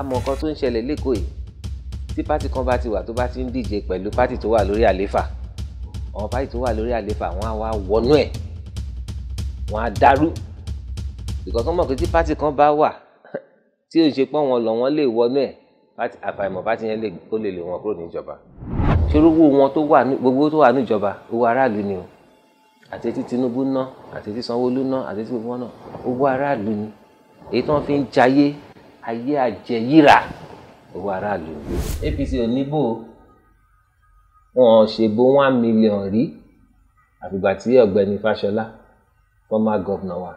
àmọ́ nǹkan tó ń ṣẹlẹ̀ lẹ́kọ̀ọ́ yìí tí pátì kan bá ti wà tó bá ti ń díje pẹ̀lú pátì tó wà lórí àléfà àwọn pátì tó wà lórí àléfà wọ́n á wá wọnú ẹ̀ wọ́n á dàrú because wọ́n mọ̀ pé tí pátì kan bá wà tí ò ń ṣe pọ́n wọn lọ wọ́n lè wọnú ẹ̀ àfàìmọ̀ pátì yẹn ó lè lè wọn kúrò níjọba ṣòro wọn tó wà gbogbo tó wà níjọba owó aráàlú ni o àti tí Tinubu ná àti tí sanwó ná àti tí gbogbo wọn ná owó aráàlú ni èyí tí wọ́n fi ń jayé ayé àjẹyíra owó aráàlú APC oníbò wọn ṣèbó one million rí àfìgbà tí ọ̀gbẹ́ni Fáṣọlá former governor wa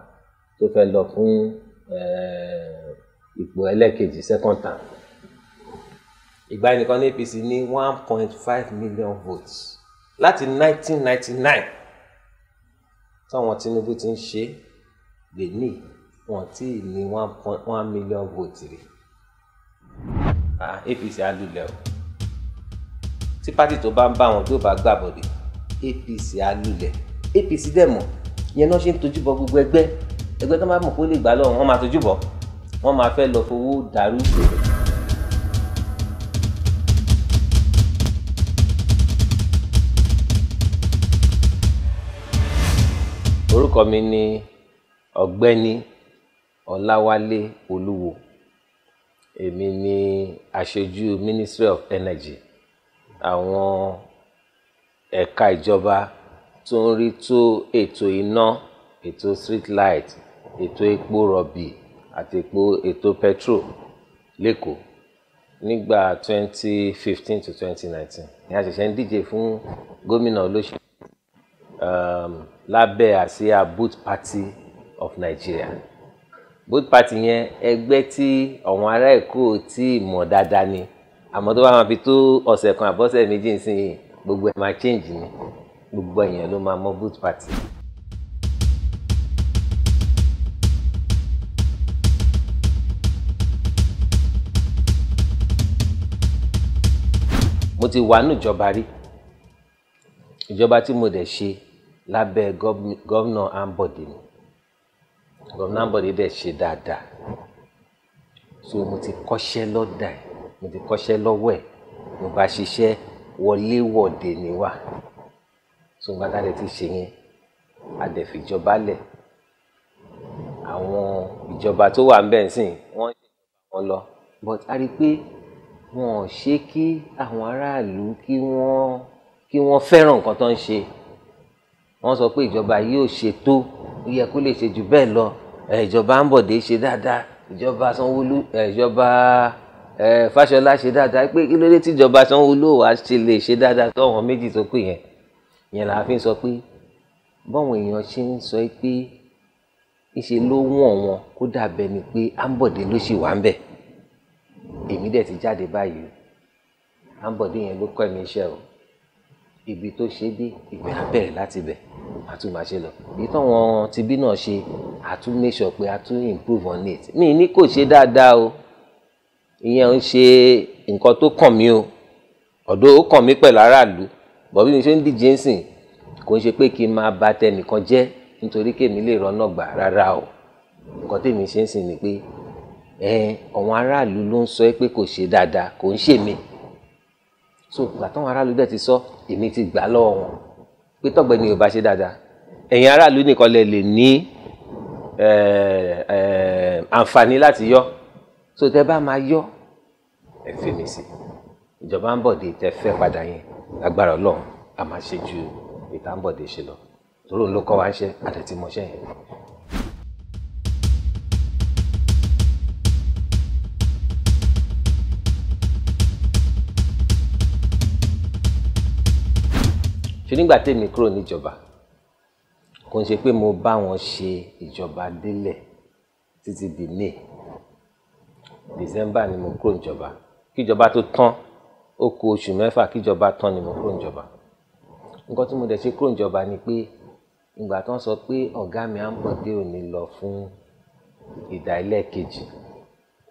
tó fẹ́ lọ fún eh, ipò ẹlẹ́kejì second term ìgbà yẹn nìkan ní APC ní one point five million votes láti nineteen ninety nine táwọn Tinubu ti ń ṣe lè ní wọn tí ì lé one point one million vote rè APC ah, á lulẹ̀ o tí pátì tó bá ń bá wọn tó bá gbàbọ̀dé APC á lulẹ̀ APC dẹ̀ mọ̀ ìyẹn náà ṣe ń tojúbọ gbogbo ẹgbẹ́ ẹgbẹ́ tó máa mọ̀ pé ó lè gbà lọ́wọ́ wọn máa tojúbọ wọn máa fẹ́ lọ fowó dàrú orúkọ mi ni ọ̀gbẹ́ni Ọláwálé Olúwo èmi ni aṣojú Ministry of Energy àwọn ẹ̀ka ìjọba tó ń rí tó ètò iná ètò street light ètò epo rọ̀bì àti epo ètò petrol lẹ́kọ̀ọ́ nígbà 2015 to 2019. nineteen ni a ṣẹ̀ṣẹ̀ ń díje fún gómìnà olóṣèlú um, lábẹ́ àsíá Both Party of Nigeria both party yẹn ẹgbẹ́ tí àwọn ará èkó tí mọ̀ dáadáa ni àmọ́ tó bá máa fi tó ọ̀sẹ̀ kan àbọ̀sẹ̀ méjì nísìnyí gbogbo ẹ̀ máa change ni gbogbo èèyàn ló máa mọ both party. mo ti wà níjọba rí ìjọba tí mo dẹ̀ ṣe lábẹ́ gọ́vnà Ambode ni gọ̀mìnà bọ̀dé dẹ̀ ṣe dáadáa so mo ti kọ́ṣẹ́ lọ́dà ẹ̀ mo ti kọ́ṣẹ́ lọ́wọ́ ẹ̀ mo bá ṣiṣẹ́ wọléwọ̀de ni wà so nígbà tá a lè ti ṣe yẹn a dẹ̀ fìjọba lẹ̀ àwọn ìjọba tó wà ń bẹ̀ ń sìn wọ́n wọ́n lọ but a rí i pé wọn ò ṣe kí àwọn aráàlú kí wọ́n kí wọ́n fẹ́ràn nǹkan tó ń ṣe wọ́n sọ pé ìjọba yóò ṣe tó ó yẹ kó lè ṣe jù bẹ́ẹ̀ lọ ìjọba Ambode ṣe dáadáa ìjọba Sanwó-Olú ìjọba Fáṣọlá ṣe dáadáa pé kí ló dé tí ìjọba Sanwó-Olú wàá ṣe lè ṣe dáadáa tó àwọn méjì tó pè yẹn yẹn là á fi sọ pé báwọn èèyàn ṣe ń sọ pé ìṣe ló wọ̀n wọn kó dàbẹ̀ ni pé Ambode ló ṣì wà ń bẹ̀ èmi dẹ̀ ti jáde báyìí Ambode yẹn ló kọ́ ẹ̀mí iṣẹ́ o ibi tó ṣe dé ìgbẹ́ abẹ́rẹ́ láti bẹ̀ àtún máa ṣe lọ èyí táwọn tibí náà ṣe àtún make sure pé àtún improve on it mi ní kò ṣe dáadáa o ìyẹn ń ṣe nǹkan tó kàn mí o ọ̀dọ̀ ó kàn mí pẹ̀lú aráàlú bọ̀bí mi ṣe ń díje ń sìn kò ń ṣe pé kí n máa ba tẹnìkan jẹ́ nítorí kémi lè rọ́nà gbà rárá o nǹkan tèmi ṣe ń sìn ni pé ẹ àwọn aráàlú ló ń sọ pé kò ṣe dáadáa kò ń ṣèmi so ìgbà táwọn aráàlú dẹ̀ ti sọ èmi ti gbà lọ́wọ́ wọn pé tọ́gbẹ́ ni yorùbá ṣe dáadáa ẹ̀yin aráàlú nìkan lè lè ní àǹfààní láti yọ so tẹ bá máa yọ ẹ fi mi sí ìjọba ń bọ̀dé tẹ fẹ́ padà yẹn agbára ọlọ́run a máa ṣe ju ìta ń bọ̀dé ṣe lọ torí òun ló kọ́ wa ń ṣe àtẹ̀tí mọ́ṣẹ́ yẹn ṣe nígbà tèmi kúrò níjọba kò ń ṣe pé mo bá wọn ṣe ìjọba délẹ̀ títí di may december ni mo kúrò níjọba kíjọba tó tán ó kù oṣù mẹ́fà kíjọba tán ni mo kúrò níjọba nǹkan tí mo dẹ̀ ṣe kúrò níjọba ni pé ìgbà tó ń sọ pé ọ̀gá mi à ń bọ̀ dé òní lọ fún ìdá ilé kejì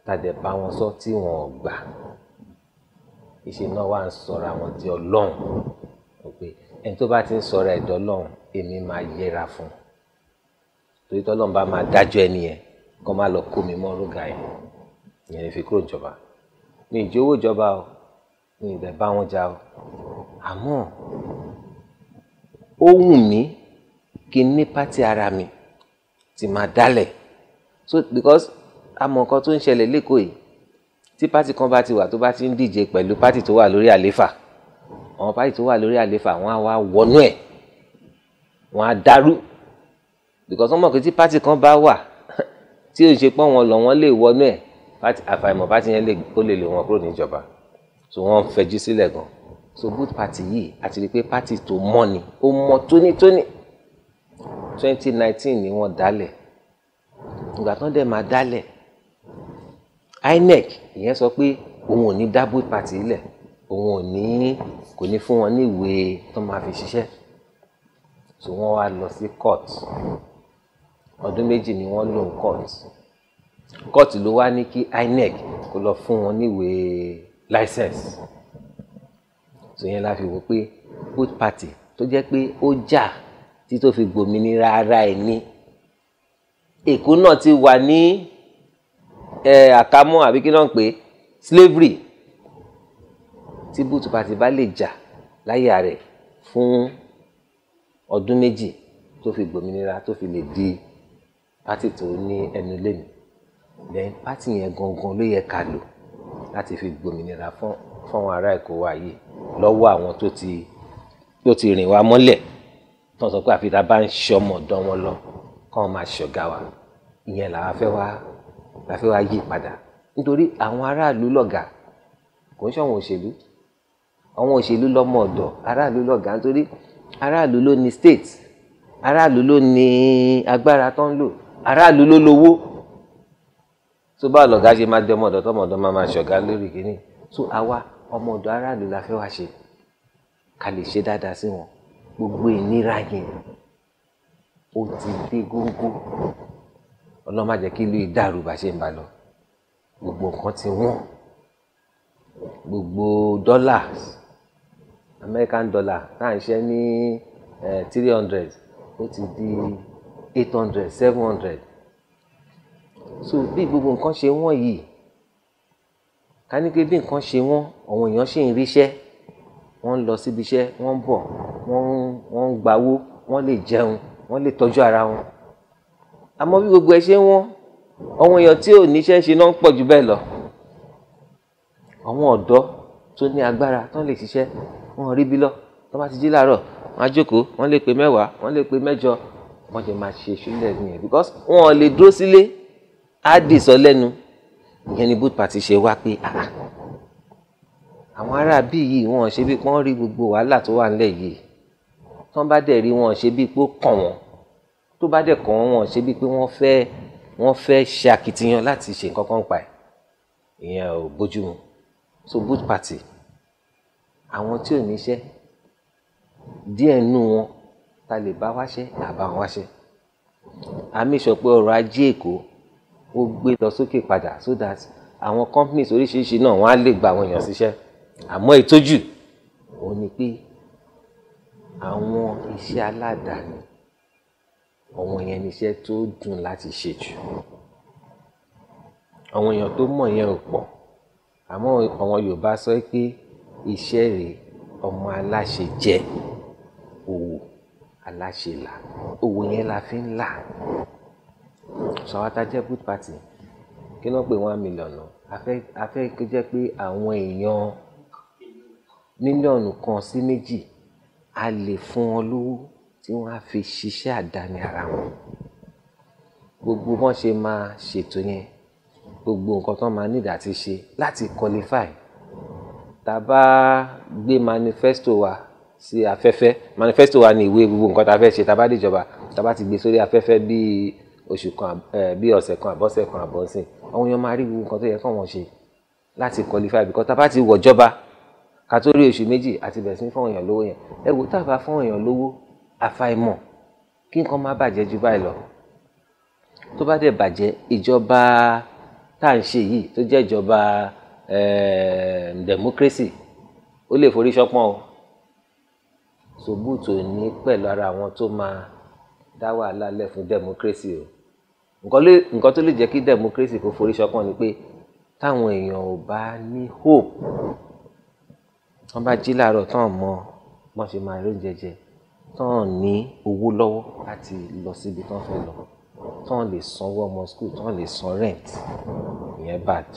tàdé bá wọn sọ tí wọn ò ìṣe náà wà ń sọra wọn di ọlọ́run ó Okay ẹni tó bá ti ń sọ̀rọ̀ ẹ̀dọ́ lọ́hùn èmi máa yẹra fún un torí tọ́lọ́hùn bá máa dájọ́ ẹni yẹn kó má lọ kó mi mọ́ rúgà yẹn ìyẹn lè fi kúrò ìjọba mi ìjọ owó ìjọba o mi ìbẹ̀ bá wọn jà o àmọ́ ó wù mí kí n ní pátí ara mi ti máa dálẹ̀ so because àmọ́ nǹkan tó ń ṣẹlẹ̀ lẹ́kọ̀ọ́ yìí tí pátì kan bá ti wà tó bá ti ń díje pẹ̀lú pátì tó wà lórí àlééfà àwọn páyì tó wà lórí àlefa wọn á wá wọnú ẹ̀ wọn á dàrú because wọn mọ̀ pé tí pátì kan bá wà tí o ṣe pọ́n wọn lọ wọn lè wọnú ẹ̀ àfàìmọ̀ pátì yẹn ó lè lè wọn kúrò níjọba so wọn fẹjú sílẹ̀ gan so good party yìí àti rí pé party tó mọ́ ni ó mọ́ tónítóní twenty nineteen ni wọ́n dálẹ̀ ìgbà tán dẹ̀ máa dálẹ̀ INEC ìyẹn sọ pé òun ò ní dá good party lẹ̀ òun ò ní kò ní fún wọn ní ìwé tó máa fi ṣiṣẹ́ so wọ́n wá lọ sí court ọdún méjì ni wọ́n lò ní court court ló wá ní kí INEC kó lọ fún wọn níwèé license so yẹn la fi wò pé good party tó jẹ́ pé ó jà tí tó fi gbòmìnira ara ẹ̀ ní Èkó náà ti wà ní àkámọ́ àbí kí náà ń pè slavery tí búùtù bá ti bá lè jà láyà rẹ̀ fún ọdún méjì tó fi gbòmìnira tó fi lè di pátì tó ní ẹnu lẹ́nu then pátì yẹn gangan ló yẹ ká lò láti fi gbòmìnira fún fáwọn ará Èkó wa yìí lọ́wọ́ àwọn tó ti tó ti rìn wá mọ́lẹ̀ tó ń sọ pé àfi tá bá ń ṣọmọ dán wọn lọ kọ́ ọ máa ṣọ̀gá wa ìyẹn làwa fẹ́ wá la fẹ́ wá yí padà nítorí àwọn aráàlú lọ̀gá kò ń ṣọ̀wọ́n òṣèlú àwọn òṣèlú lọmọ ọ̀dọ̀ aráàlú lọ̀gá nítorí aráàlú ló ní state aráàlú ló ní agbára tó ń lò aráàlú ló lówó tó bá lọ̀gá ṣe máa di ọmọ ọ̀dọ̀ tọmọ ọ̀dọ̀ máa máa ṣọ̀gá lórí kínní tó àwa ọmọ ọ̀dọ̀ aráàlú la fẹ́ wá ṣe ká lè ṣe dáadáa sí wọn gbogbo ìnira yẹn ó ti dé góńgó ọlọ́mọ kí ìlú ìdàrú bá ṣe ń bá lọ gbogbo nǹkan ti wọ́n gbogbo dọ́là American dollar tá à ń ṣe ní three hundred ó ti di eight hundred seven hundred so bí gbogbo nǹkan ṣe wọ́n yìí ká ní pé bí nǹkan ṣe wọ́n àwọn èèyàn ṣì ń ríṣẹ́ wọ́n ń lọ síbi iṣẹ́ wọ́n ń bọ̀ wọ́n ń wọ́n ń gbawó wọ́n lè jẹun wọ́n lè tọ́jú ara wọn àmọ́ bí gbogbo ẹ ṣe wọ́n àwọn èèyàn tí ò níṣẹ́ ṣe náà ń pọ̀ jù bẹ́ẹ̀ lọ àwọn ọ̀dọ́ tó ní agbára tán lè ṣiṣẹ́ wọn rí bí lọ tó bá ti jí láàárọ̀ wọn á jókòó wọn lè pé mẹ́wàá wọn lè pé mẹ́jọ wọn jẹ máa ṣe ìṣúlẹ̀ nìyẹn because wọn ò lè dúró sílé á dì sọ lẹ́nu ìyẹn ni boot party ṣe wá pé ah, ah. àwọn ará bí yìí wọn ṣe bí pọ́n rí gbogbo wàhálà tó wà nílẹ̀ yìí tán bá dẹ̀ rí wọn ṣe bí pé ó kàn wọ́n tó bá dẹ̀ kàn wọ́n wọn ṣe bí pé wọ́n fẹ́ wọ́n fẹ́ ṣe akitiyan láti ṣe nǹkan kan pa ẹ̀ ìyẹn ò bójú mu so boot party àwọn tí ò níṣẹ́ díẹ̀ nínú wọn ta lè bá wáṣẹ́ à wọn wáṣẹ́ a make pé ọrọ̀ ajé Èkó ó gbé lọ sókè padà so that àwọn companies oríṣiríṣi náà wọ́n á lè gba àwọn èèyàn síṣẹ́ àmọ́ ìtójú òun ni pé àwọn iṣẹ́ aládàáni àwọn yẹn níṣẹ́ tó dùn láti ṣe jù àwọn èèyàn tó mọ̀ yẹn ò pọ̀ àmọ́ àwọn Yorùbá sọ pé iṣẹ́ rèé ọmọ aláṣẹ jẹ òwò aláṣẹ là òwò yẹn la fi ń là so àwa tá a jẹ́ good party kí ló ń pè one million náà a fẹ́ a fẹ́ kó jẹ́ pé àwọn èèyàn mílíọ̀nù kan sí méjì a lè fún wọn lówó tí wọ́n á fi ṣiṣẹ́ àdáni ara wọn gbogbo wọn ṣe máa ṣètò yẹn gbogbo nǹkan tó máa nídàá ti ṣe láti qualify tá a gbé manifesto wa sí afẹ́fẹ́ manifesto wa ni ìwé gbogbo nǹkan tá a fẹ́ ṣe tá a bá ti gbé sórí afẹ́fẹ́ bíi oṣù kan bíi ọ̀sẹ̀ kan àbọ̀sẹ̀ kan àbọ̀sẹ̀ àwọn èèyàn máa rí gbogbo nǹkan tó yẹ kó ṣe láti qualify because tá ti wọ̀jọba ká tó rí oṣù méjì àti bẹ̀rẹ̀ sí ní fáwọn èèyàn lówó yẹn ẹ wò tá a bá fáwọn èèyàn lówó àfàìmọ̀ kí nǹkan má bàjẹ́ ju báyìí lọ tó bá dẹ̀ bàjẹ́ ìjọba tá à ń ṣe yìí tó jẹ́ ìjọba Ehm, democracy ó lè forí ṣọpọ́n o Sòbútù ní pẹ̀lú ara àwọn tó máa dá wàhálà lẹ̀ fún democracy o nǹkan tó lè jẹ́ kí democracy kó forí ṣọpọ́n ni pé táwọn èèyàn ò bá ní hope wọ́n bá jí láàárọ̀ tán mọ wọ́n ṣe máa rí oúnjẹ jẹ tán ní owó lọ́wọ́ láti lọ síbi tán fẹ́ lọ tán lè sanwó ọmọ school tán lè san rent ìyẹn bad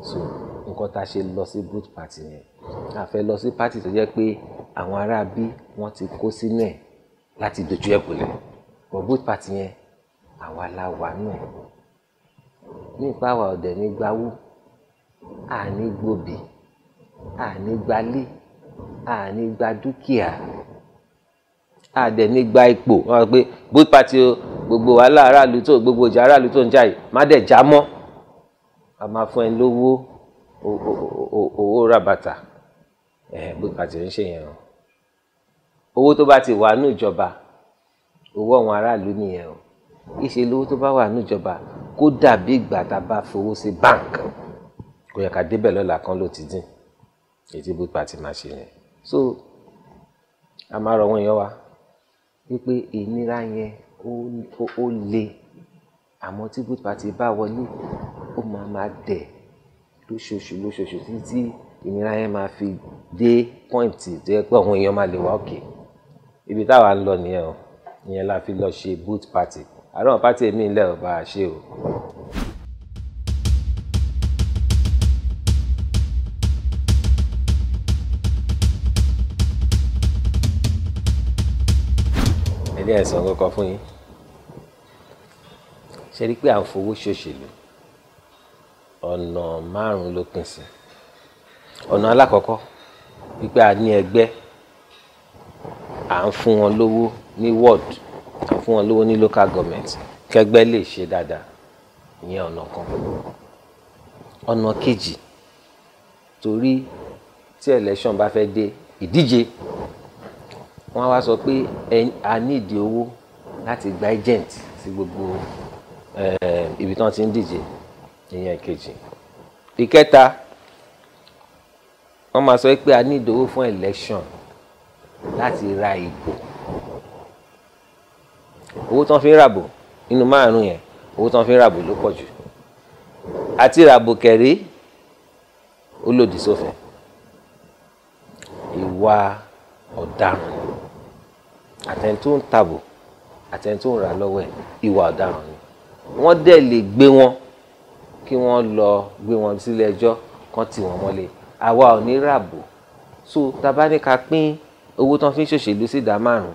so nǹkan tá a ṣe lọ sí boot party yẹn a fẹ́ lọ sí party tó jẹ́ pé àwọn ará bí wọ́n ti kó sínú ẹ̀ láti dojú ẹ̀ pẹ̀lẹ́ but boot party yẹn àwa la wà nù ẹ̀ ní ipa àwa ọ̀dẹ̀ ní gbawó àní gbòbí àní gbalé àní gba dúkìá àdẹ̀ ní gba ipò wọ́n sọ pé boot party o gbogbo wàhálà aráàlú tó gbogbo ìjà aráàlú tó ń jà yìí má dẹ̀ já mọ́ a máa fún ẹ lówó owó rà bàtà bó bàtà ń ṣe yẹn o owó tó bá ti wà nù ìjọba owó àwọn aráàlú nìyẹn o ìṣe lówó tó bá wà nù ìjọba kó dàbí ìgbà tá a bá fowó sí báǹkì kò yẹ ká débẹ̀ lọ́la kan ló ti dín ètí bó bàtà máa ṣe yẹn so a máa rọ wọn yẹn wa wípé ìnira yẹn ó le àmọ́ tí good party bá wọlé ó máa máa dẹ̀ lóṣooṣù lóṣooṣù títí ìnira yẹn máa fi dé point tó yẹ pé àwọn èèyàn máa lè wá òkè ibi táwa ń lọ nìyẹn o ìyẹn la fi lọ ṣe boot party àárọ̀ party mi lẹ̀ ọ̀ bá a ṣe o. ẹ̀dí ẹ̀sán kọ́kọ́ fún yín ṣe rí pé à ń fowó ṣòṣèlú ọ̀nà márùn-ún ló pín sí ọ̀nà alákọ̀ọ́kọ́ wípé a ní ẹgbẹ́ à ń fún wọn lówó ní ward à ń fún wọn lówó ní local government kẹgbẹ́ lè ṣe dáadáa ìyẹn ọ̀nà kan ọ̀nà kejì torí tí election bá fẹ́ dé ìdíje wọ́n á wá sọ pé a nídìí owó láti gba agent sí gbogbo Eh, ibi tí wọ́n ti ń díje ìyẹn kejì ìkẹta wọ́n máa sọ pé a ní ìdòwò fún election láti ra ìbò owó tí wọ́n fi ń ràbò nínú márùn-ún yẹn owó tí wọ́n fi ń ràbò ló pọ̀ jù àti ràbò kẹ̀rí ó lòdì sófin ìwà ọ̀daràn àtẹ̀ntún tàbò àtẹ̀ntún rà lọ́wọ́ ẹ̀ ìwà ọ̀daràn ni wọ́n dẹ̀ lè gbé wọn kí wọ́n lọ gbé wọn sílé ẹjọ́ kan tì wọ́n mọ́lé àwa ò ní ràbò so tàbá ní ká pín owó tán fi ń ṣòṣèlú sí ìdá márùn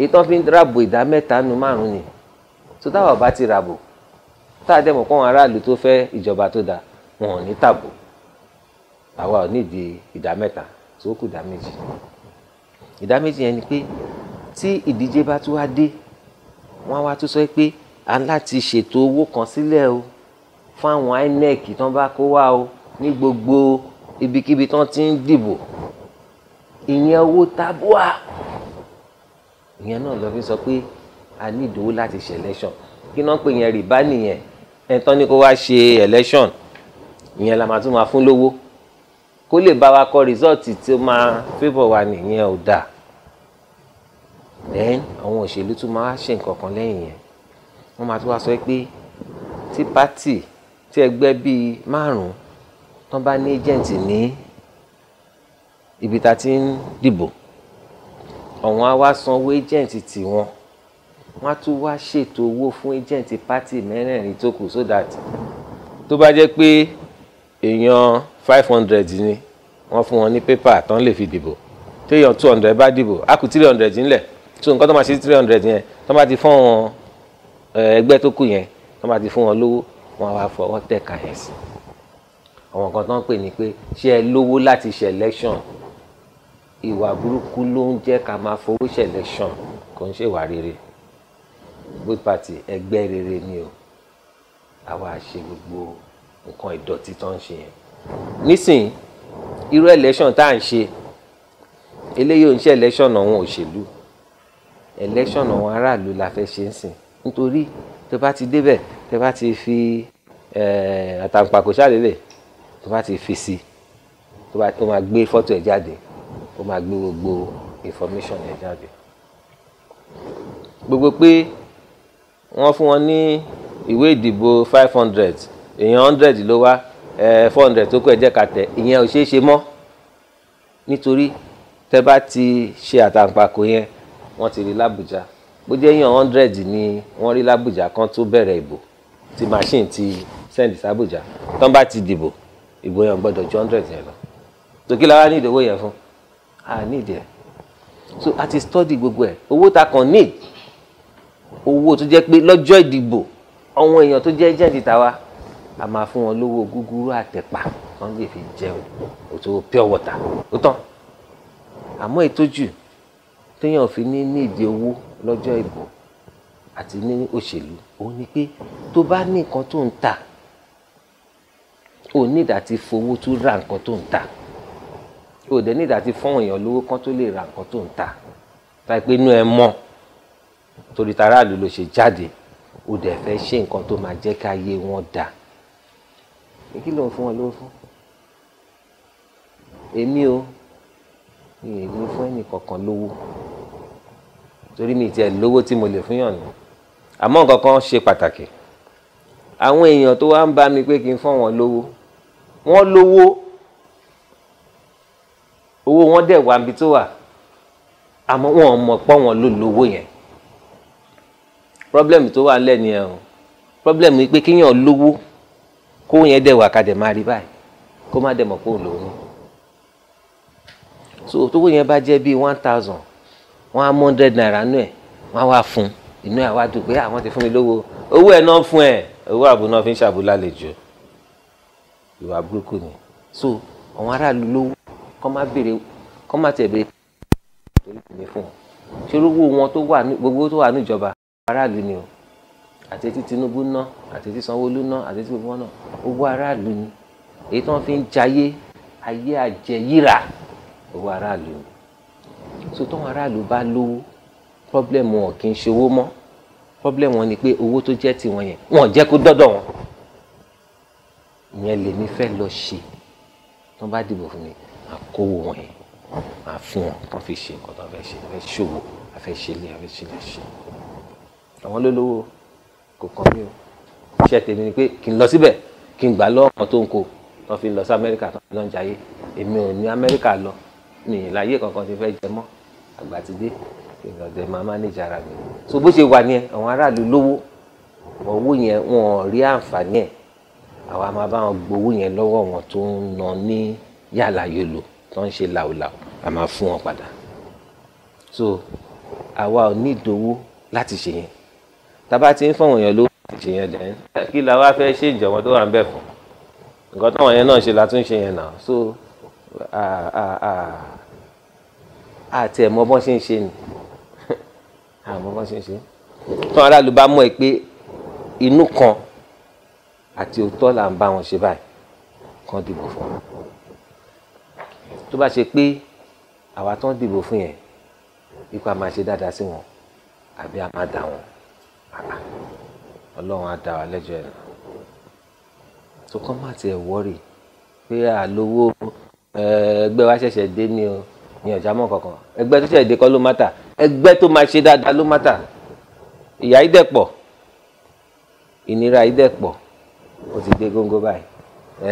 èyí tán fi ń ràbò ìdá mẹ́ta nu márùn ni so táwa bá ti ràbò tá a dẹ̀mọ̀ pọ́n aráàlú tó fẹ́ ìjọba tó dáa wọn ò ní tàbò àwa ò nídìí ìdá mẹ́ta tó kù ìdá méjì ìdá méjì yẹn ni pé tí ìdíje bá tún wá dé wọ́n á wá tún sọ pé a láti ṣètò owó kan sílẹ̀ o fún àwọn INEC tán bá kó wá o ní gbogbo ibikíbi tán ti ń dìbò ìyẹn owó tabua ìyẹn náà lọ fi sọ pé a ní ìdòwó láti ṣe election kí náà pè yẹn rìbá nìyẹn ẹ̀ńtọ́ ni kó wá ṣe election ìyẹn la máa tún máa fún lówó kó lè bá wa kọ rìsọ́ọ̀tì tí ó máa fẹ́bọ̀ wa nìyẹn ò dáa then àwọn òṣèlú tún máa ṣe nǹkan kan lẹ́yìn yẹn wọ́n máa tún wá sọ pé tí pátì tí ẹgbẹ́ bíi márùn-ún tán bá ní ẹ́jẹ̀ǹtì ní ibi tá a ti ń dìbò ọ̀hún á wá sanwó ẹ́jẹ̀ǹtì tiwọn wọ́n á tún wá ṣètò owó fún ẹ́jẹ̀ǹtì pátì mẹ́rẹ̀ẹ̀rin tó kù so that tó bá jẹ́ pé èèyàn five hundred ni wọ́n fún wọn ní pépà tán lè fi dìbò téèyàn two hundred bá dìbò á kù three hundred nílẹ̀ so nǹkan tó máa ṣe three hundred yẹn tó bá ti fọ́n wọn ẹgbẹ́ tó kù yẹn wọ́n bá ti fún wọn lówó wọ́n wá fọwọ́ tẹ̀ka yẹn sí àwọn kan tó ń pè ní pé ṣé ẹ lówó láti ṣe election ìwà burúkú ló ń jẹ́ ká máa fowó ṣe election kò ń ṣèwà rere good party ẹgbẹ́ rere ni o àwa ṣe gbogbo nǹkan ìdọ̀tí tó ń ṣe yẹn nísìnyí irú election tá à ń ṣe eléyìí ò ń ṣe election àwọn òṣèlú election àwọn aráàlú la fẹ́ ṣe ń sìn nítorí tó bá ti débẹ̀ tó bá ti fi àtàǹpàkò ṣàlélẹ̀ tó bá ti fi sí tó bá tó máa gbé fọ́tò ẹ̀ jáde ó máa gbé gbogbo information ẹ̀ jáde gbogbo pé wọ́n fún wọn ní ìwé ìdìbò five hundred èèyàn hundred ló wá four hundred tó kọ ẹ jẹ́ ká tẹ̀ ìyẹn ò ṣeé ṣe mọ́ nítorí tẹ́ bá ti ṣe àtàǹpàkò yẹn wọ́n ti rí lábùjá bó jẹ́ èèyàn hundred ni wọ́n rí lábùjá kan tó bẹ̀rẹ̀ ìbò tí machine ti send sábùjá tán bá ti dìbò ìbò yẹn gbọ́dọ̀ ju hundred yẹn lọ tòkí lára ní ìdòwò yẹn fún a ní ìdí ẹ̀ so a ti study gbogbo ẹ̀ owó ta kàn ní owó tó jẹ́ pé lọ́jọ́ ìdìbò àwọn èèyàn tó jẹ́ jẹ́ ìdìta wa a máa fún wọn lówó gúgúrú àtẹ̀pà wọ́n lè fi jẹun òtò pure water ó tán àmọ́ ìtọ́jú téèyàn fi ní ní ìdí owó lọ́jọ́ ìbò àti ní òṣèlú òun ni pé tó bá ní nǹkan tó ń tà ò ní ìdá ti fowó tó ra nǹkan tó ń tà ò dẹ̀ ní ìdá ti fọ́n èèyàn lówó kan tó lè ra nǹkan tó ń tà táì pé inú ẹ mọ́ torí taráàlú ló ṣe jáde ò dẹ̀ fẹ́ ṣe nǹkan tó máa jẹ́ káyé wọn dáa kí ló ń fún wọn lówó fún èmi o èmi fún ẹnì kọ̀ọ̀kan lówó torí mi tiẹ̀ lówó tí mo lè fún yàn ní àmọ́ nǹkan kan ṣe pàtàkì àwọn èèyàn tó wá ń bá mi pé kí n fún wọn lówó wọ́n lówó owó wọn dẹ̀ wá ibi tó wà àmọ́ wọn mọ̀ pọ́ wọn ló lówó yẹn problem tó wà lẹ́nu ẹ̀ o problem pé kéèyàn lówó kó yẹn dẹ̀ wà ká dẹ̀ rí báyìí kó má dẹ̀ mọ̀ pé lòun so tówó yẹn bá jẹ́ bíi one thousand wọ́n á mú hundred naira nú ẹ̀ wọ́n á wá fún inú ẹ̀ wá dùn pé àwọn ah, ti fún mi lówó owó ẹ̀ náà fún ẹ̀ owó àbò náà fi ń ṣàbò lálejò ìwà burúkú ni so àwọn aráàlú lówó kọ́ má béèrè kọ́ má tẹ̀ béèrè torí kò ní fún wọn ṣòro owó wọn tó wà gbogbo tó wà níjọba aráàlú ni o àti etí Tinubu ná àti etí Sanwó-Olú ná àti etí gbogbo wọn ná owó aráàlú ni èyí tí wọn fi ń jayé ayé àjẹyíra owó aráàlú ni so táwọn aráàlú bá lówó problem wọn kì í ṣòwò mọ́ problem wọn ni pé owó tó jẹ́ tiwọn yẹn wọn jẹ́ kó dọ́dọ̀ wọn ìyẹn lèmi fẹ́ lọ ṣe tó bá dìbò fún mi àkówó wọn yẹn máa fún wọn wọn fi ṣe nǹkan tó fẹ́ ṣe fẹ́ ṣòwò àfẹ́ ṣe ilé àfẹ́ ṣe ilé ṣe àwọn lólówó kò kàn mí o iṣẹ́ tèmi ni pé kí n lọ síbẹ̀ kí n gbà lọ́wọ́ kan tó ń ko wọ́n fi lọ sí amẹ́ríkà tó ń lọ jayé èmi ò ní amẹ́ríkà lọ ní ìlàyé kankan ti fẹ́ jẹ mọ́ àgbà ti dé èèyàn dẹ̀ máa manage ara mi so bó ṣe wà ni àwọn aráàlú lówó owó yẹn wọn ò rí àǹfààní ẹ̀ àwa máa bá wọn gbowó yẹn lọ́wọ́ wọn tó ń ná ní yàrá yòlò tó ń ṣe làwòlàwò a máa fún wọn padà so àwa ò ní ìdòwó láti ṣe yẹn tábà ti ń fọwọ́n yẹn lówó láti ṣe yẹn dẹ́n kí la wá fẹ́ ṣe ìjọ̀wọ́n tó wà ń bẹ̀ fún nǹkan táwọn yẹn náà ṣe la tún ṣe yẹn náà so. Uh, uh, uh àti ẹ̀mọ́ bọ́n ṣe ń ṣe ni àmọ́ bọ́n ṣe ń ṣe tí wọn aráàlú bá mọ̀ ẹ́ pé inú kan àti òótọ́ là ń bá wọn ṣe báyìí kan dìbò fún wọn tó bá ṣe pé àwa tó ń dìbò fún yẹn ipa máa ṣe dáadáa sí wọn àbí a máa dà wọn ọlọ́run á dá wa lẹ́jọ́ ẹ̀ tó kọ́ má tiẹ̀ wọ́rì pé àlówó ẹgbẹ́ wa ṣẹ̀ṣẹ̀ dé ni o ní ọjà mọ́ kankan ẹgbẹ́ tó ṣẹ̀dẹ̀ kọ́ ló mátà ẹgbẹ́ tó máa ṣe dáadáa ló mátà ìyà yìí dẹ̀ pọ̀ ìnira yìí dẹ̀ pọ̀ ó ti dé góńgó báyìí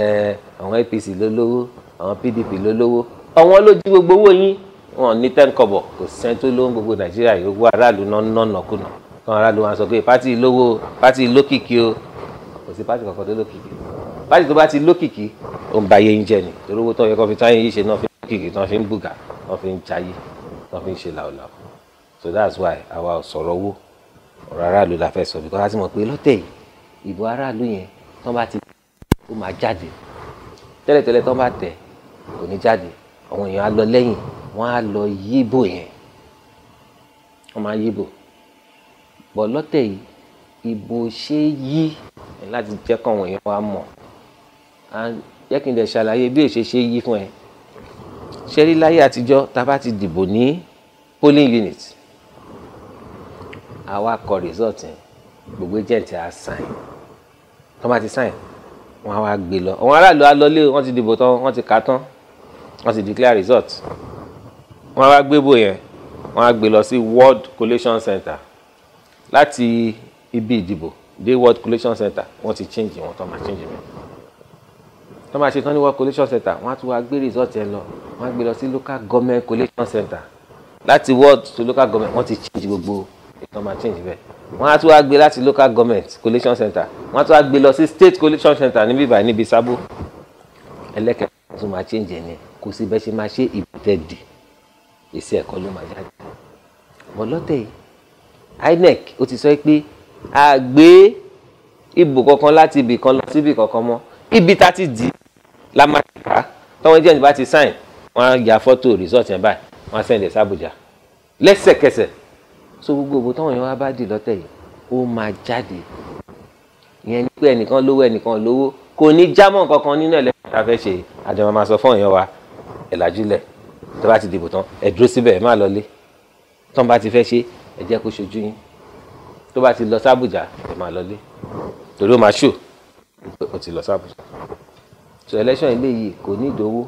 ẹ àwọn APC ló lówó àwọn PDP ló lówó àwọn ló jí gbogbo owó yín wọn ní ten kọ́bọ̀ kò sẹ́ni tó lówó gbogbo Nàìjíríà yìí gbogbo aráàlú nọ́nàkùnà káwọn aráàlú wọn sọ pé pátì lówó pátì lókìkí o kò sí pátì kankan tó lókìkí pátì tó bá ti lókìkí ó ń ba yé ń jẹ ni torí owó tó yẹ kó fi táyé yìí ṣe náà fi lókìkí tó ń fi ń bùgà wọ́n fi ń jayé wọ́n fi ń ṣe làwùlàwù so that's why àwa ò sọ̀rọ̀ owó ọ̀rọ̀ aráàlú la fẹ́ sọ bí kọ́lá ti mọ̀ pé lọ́tẹ̀ yìí ìbò aráàlú yẹn tó bá ti ó máa jáde tẹ́lẹ̀tẹ́lẹ̀ tó bá tẹ̀ kò ní jáde àwọn èèyàn á lọ lẹ́yìn wọ́n á lọ yíbò yẹn wọ́n máa yíbò bọ̀ lọ́tẹ̀ ìbò ṣe yí láti jẹ́ kọ́ àwọn èèyàn wa mọ̀ jẹ́ kí n dẹ̀ ṣàlàyé bí èṣe ṣe yí fún ẹ ṣẹ́rí láyé àtijọ́ tá a bá ti dìbò ní polling unit àwa kọ result yẹn gbogbo agent á sign tó bá ti sign wọ́n á wá gbé lọ àwọn aráàlú á lọ lé wọ́n ti dìbò tán wọ́n ti kà tán wọ́n ti declare result wọ́n á wá gbé bò yẹn wọ́n á gbé lọ sí ward collation center láti ibi ìdìbò dé World collation center wọ́n ti change wọn tó máa change mi tó máa ṣe tán ní wọ́n collation center wọ́n á tún wá gbé result yẹn lọ wọ́n á gbé lọ sí local government collation center láti ward to local government wọ́n ti change gbogbo ìtàn máa change bẹ́ẹ̀ wọ́n á tún wá gbé láti local government collation center wọ́n á tún wá gbé lọ sí state collation center níbí báyìí níbi sábó ẹlẹ́kẹ̀ẹ́ tún máa change yẹn kò sí bẹ́ẹ̀ ṣe máa ṣe ìbùtẹ́dì èsì ẹ̀kọ́ ló máa jáde bọ́ lọ́tẹ̀ INEC ó ti sọ pé a gbé ìbò kankan láti ibì kan lọ síbì kankan mọ́ ibi tá ti dì í lamaka tọ́wọ́n jẹ́ nípa ti sign wọ́n á ya fọ́tò resort yẹn báyìí wọ́n á sẹ́ndẹ̀ sábùjá lẹ́sẹ̀kẹsẹ̀ so gbogbo òbò tọ́wọ́n yẹn wá bá dì lọ́tẹ̀ yìí ó máa jáde ìyẹn ní pé ẹnìkan lówó ẹnìkan lówó kò ní jámọ́ kankan nínú ẹlẹ́yìn tá a fẹ́ ṣe àjọmọ́ máa sọ fọ́ọ̀yàn wa ẹ̀ làjúlẹ̀ tó bá ti dìbò tán ẹ̀ dúró síbẹ̀ ẹ̀ má lọlé tán bá ti fẹ́ ṣe ẹ̀ jẹ́ kó ṣojú yín tó bá ti lọ sábùjá ẹ̀ má lọlé torí ó máa ṣù ó ti lọ sábùjá so election eléyìí kò ní ìdówó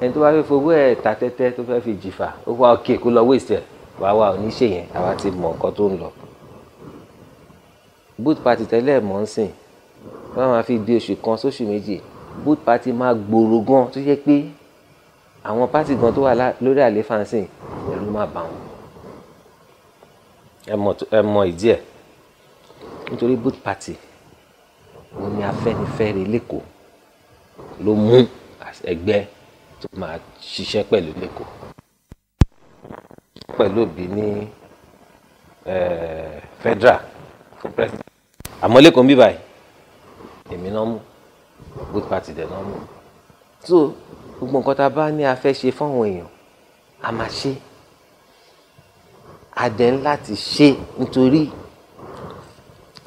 ẹni tó bá fẹ́ fowó ẹ̀ ta tẹ́tẹ́ tó fẹ́ fi jìfà ó wá òkè kó lọ waste ẹ̀ wá wá ò ní ṣe yẹn àwa ti mọ nǹkan tó ń lọ. boot party tẹ́lẹ̀ mọ́ ń sìn wọ́n máa fi di oṣù kan sóṣù méjì boot party máa gbòòrò gan tó yẹ pé àwọn pátì gan tó wà lórí àléfà ń sìn ẹ̀rù máa bà wọ́n ẹ mọ ìdí ẹ̀ nítorí boot party òun ni Afẹ́nifẹ́re lẹ́kọ̀ọ́ ló mú ẹgbẹ́ tó máa ṣiṣẹ́ pẹ̀lú lẹ́kọ̀ọ́ pẹ̀lú òbí ní federal for president àmọ́ lẹ́kọ̀ọ́ bí báyìí èmi náà mú good party dẹ̀ náà mú so gbogbo nǹkan tá a bá ní a fẹ́ ṣe fáwọn èèyàn a máa ṣe adẹ̀ ń láti ṣe nítorí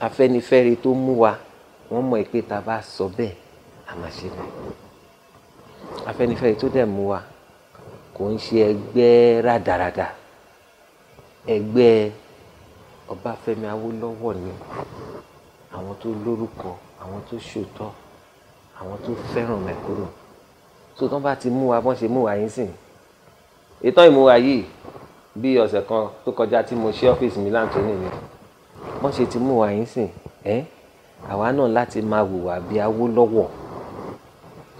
Afẹ́nifẹ́re tó mú wa wọ́n mọ̀ pé tá bá sọ bẹ́ẹ̀ àmọ́ ṣe bẹ́ẹ̀ Afẹ́nifẹ́re tó dẹ̀ mú wa kò ń ṣe ẹgbẹ́ rádaràda ẹgbẹ́ Ọbáfẹ́mi Awólọ́wọ̀ ni àwọn tó lórúkọ àwọn tó ṣòótọ́ àwọn tó fẹ́ràn mẹ̀kúrò tó tán bá ti mú wa bọ́n ṣe mú wa yín sìn ìtàn ìmúwa yìí bí ọ̀sẹ̀ kan tó kọjá tí mo ṣe ọ́fíìsì mi láǹtọ́nì mi bọ́n ṣe ti mú wa yín sìn ẹ́ àwa náà láti máa wùwà bí Awólọ́wọ̀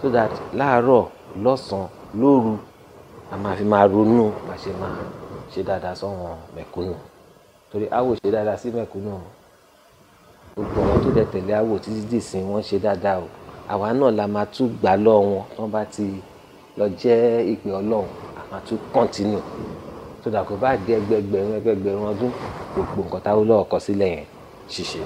so that láàárọ̀ lọ́sàn-án lóru a máa fi máa ronú a ṣe máa ṣe dáadáa sọ́wọ́n mẹ̀kúnnù torí awo ṣe dáadáa sí mẹ̀kúnnù gbogbo àwọn tó dẹ̀ tẹ̀lé awo títí dì sí wọ́n ṣe dáadáa o àwa náà la máa tún gbà lọ́ wọn tí wọ́n bá ti lọ jẹ́ ìpè ọlọ́run a máa tún kọ́ntínù tó dà kó bá di ẹgbẹgbẹ̀rún ẹgbẹgbẹ̀rún ọdún gbogbo nǹkan táwọn lọ́ọ̀kọ́ sílẹ̀ yẹn ṣiṣẹ́.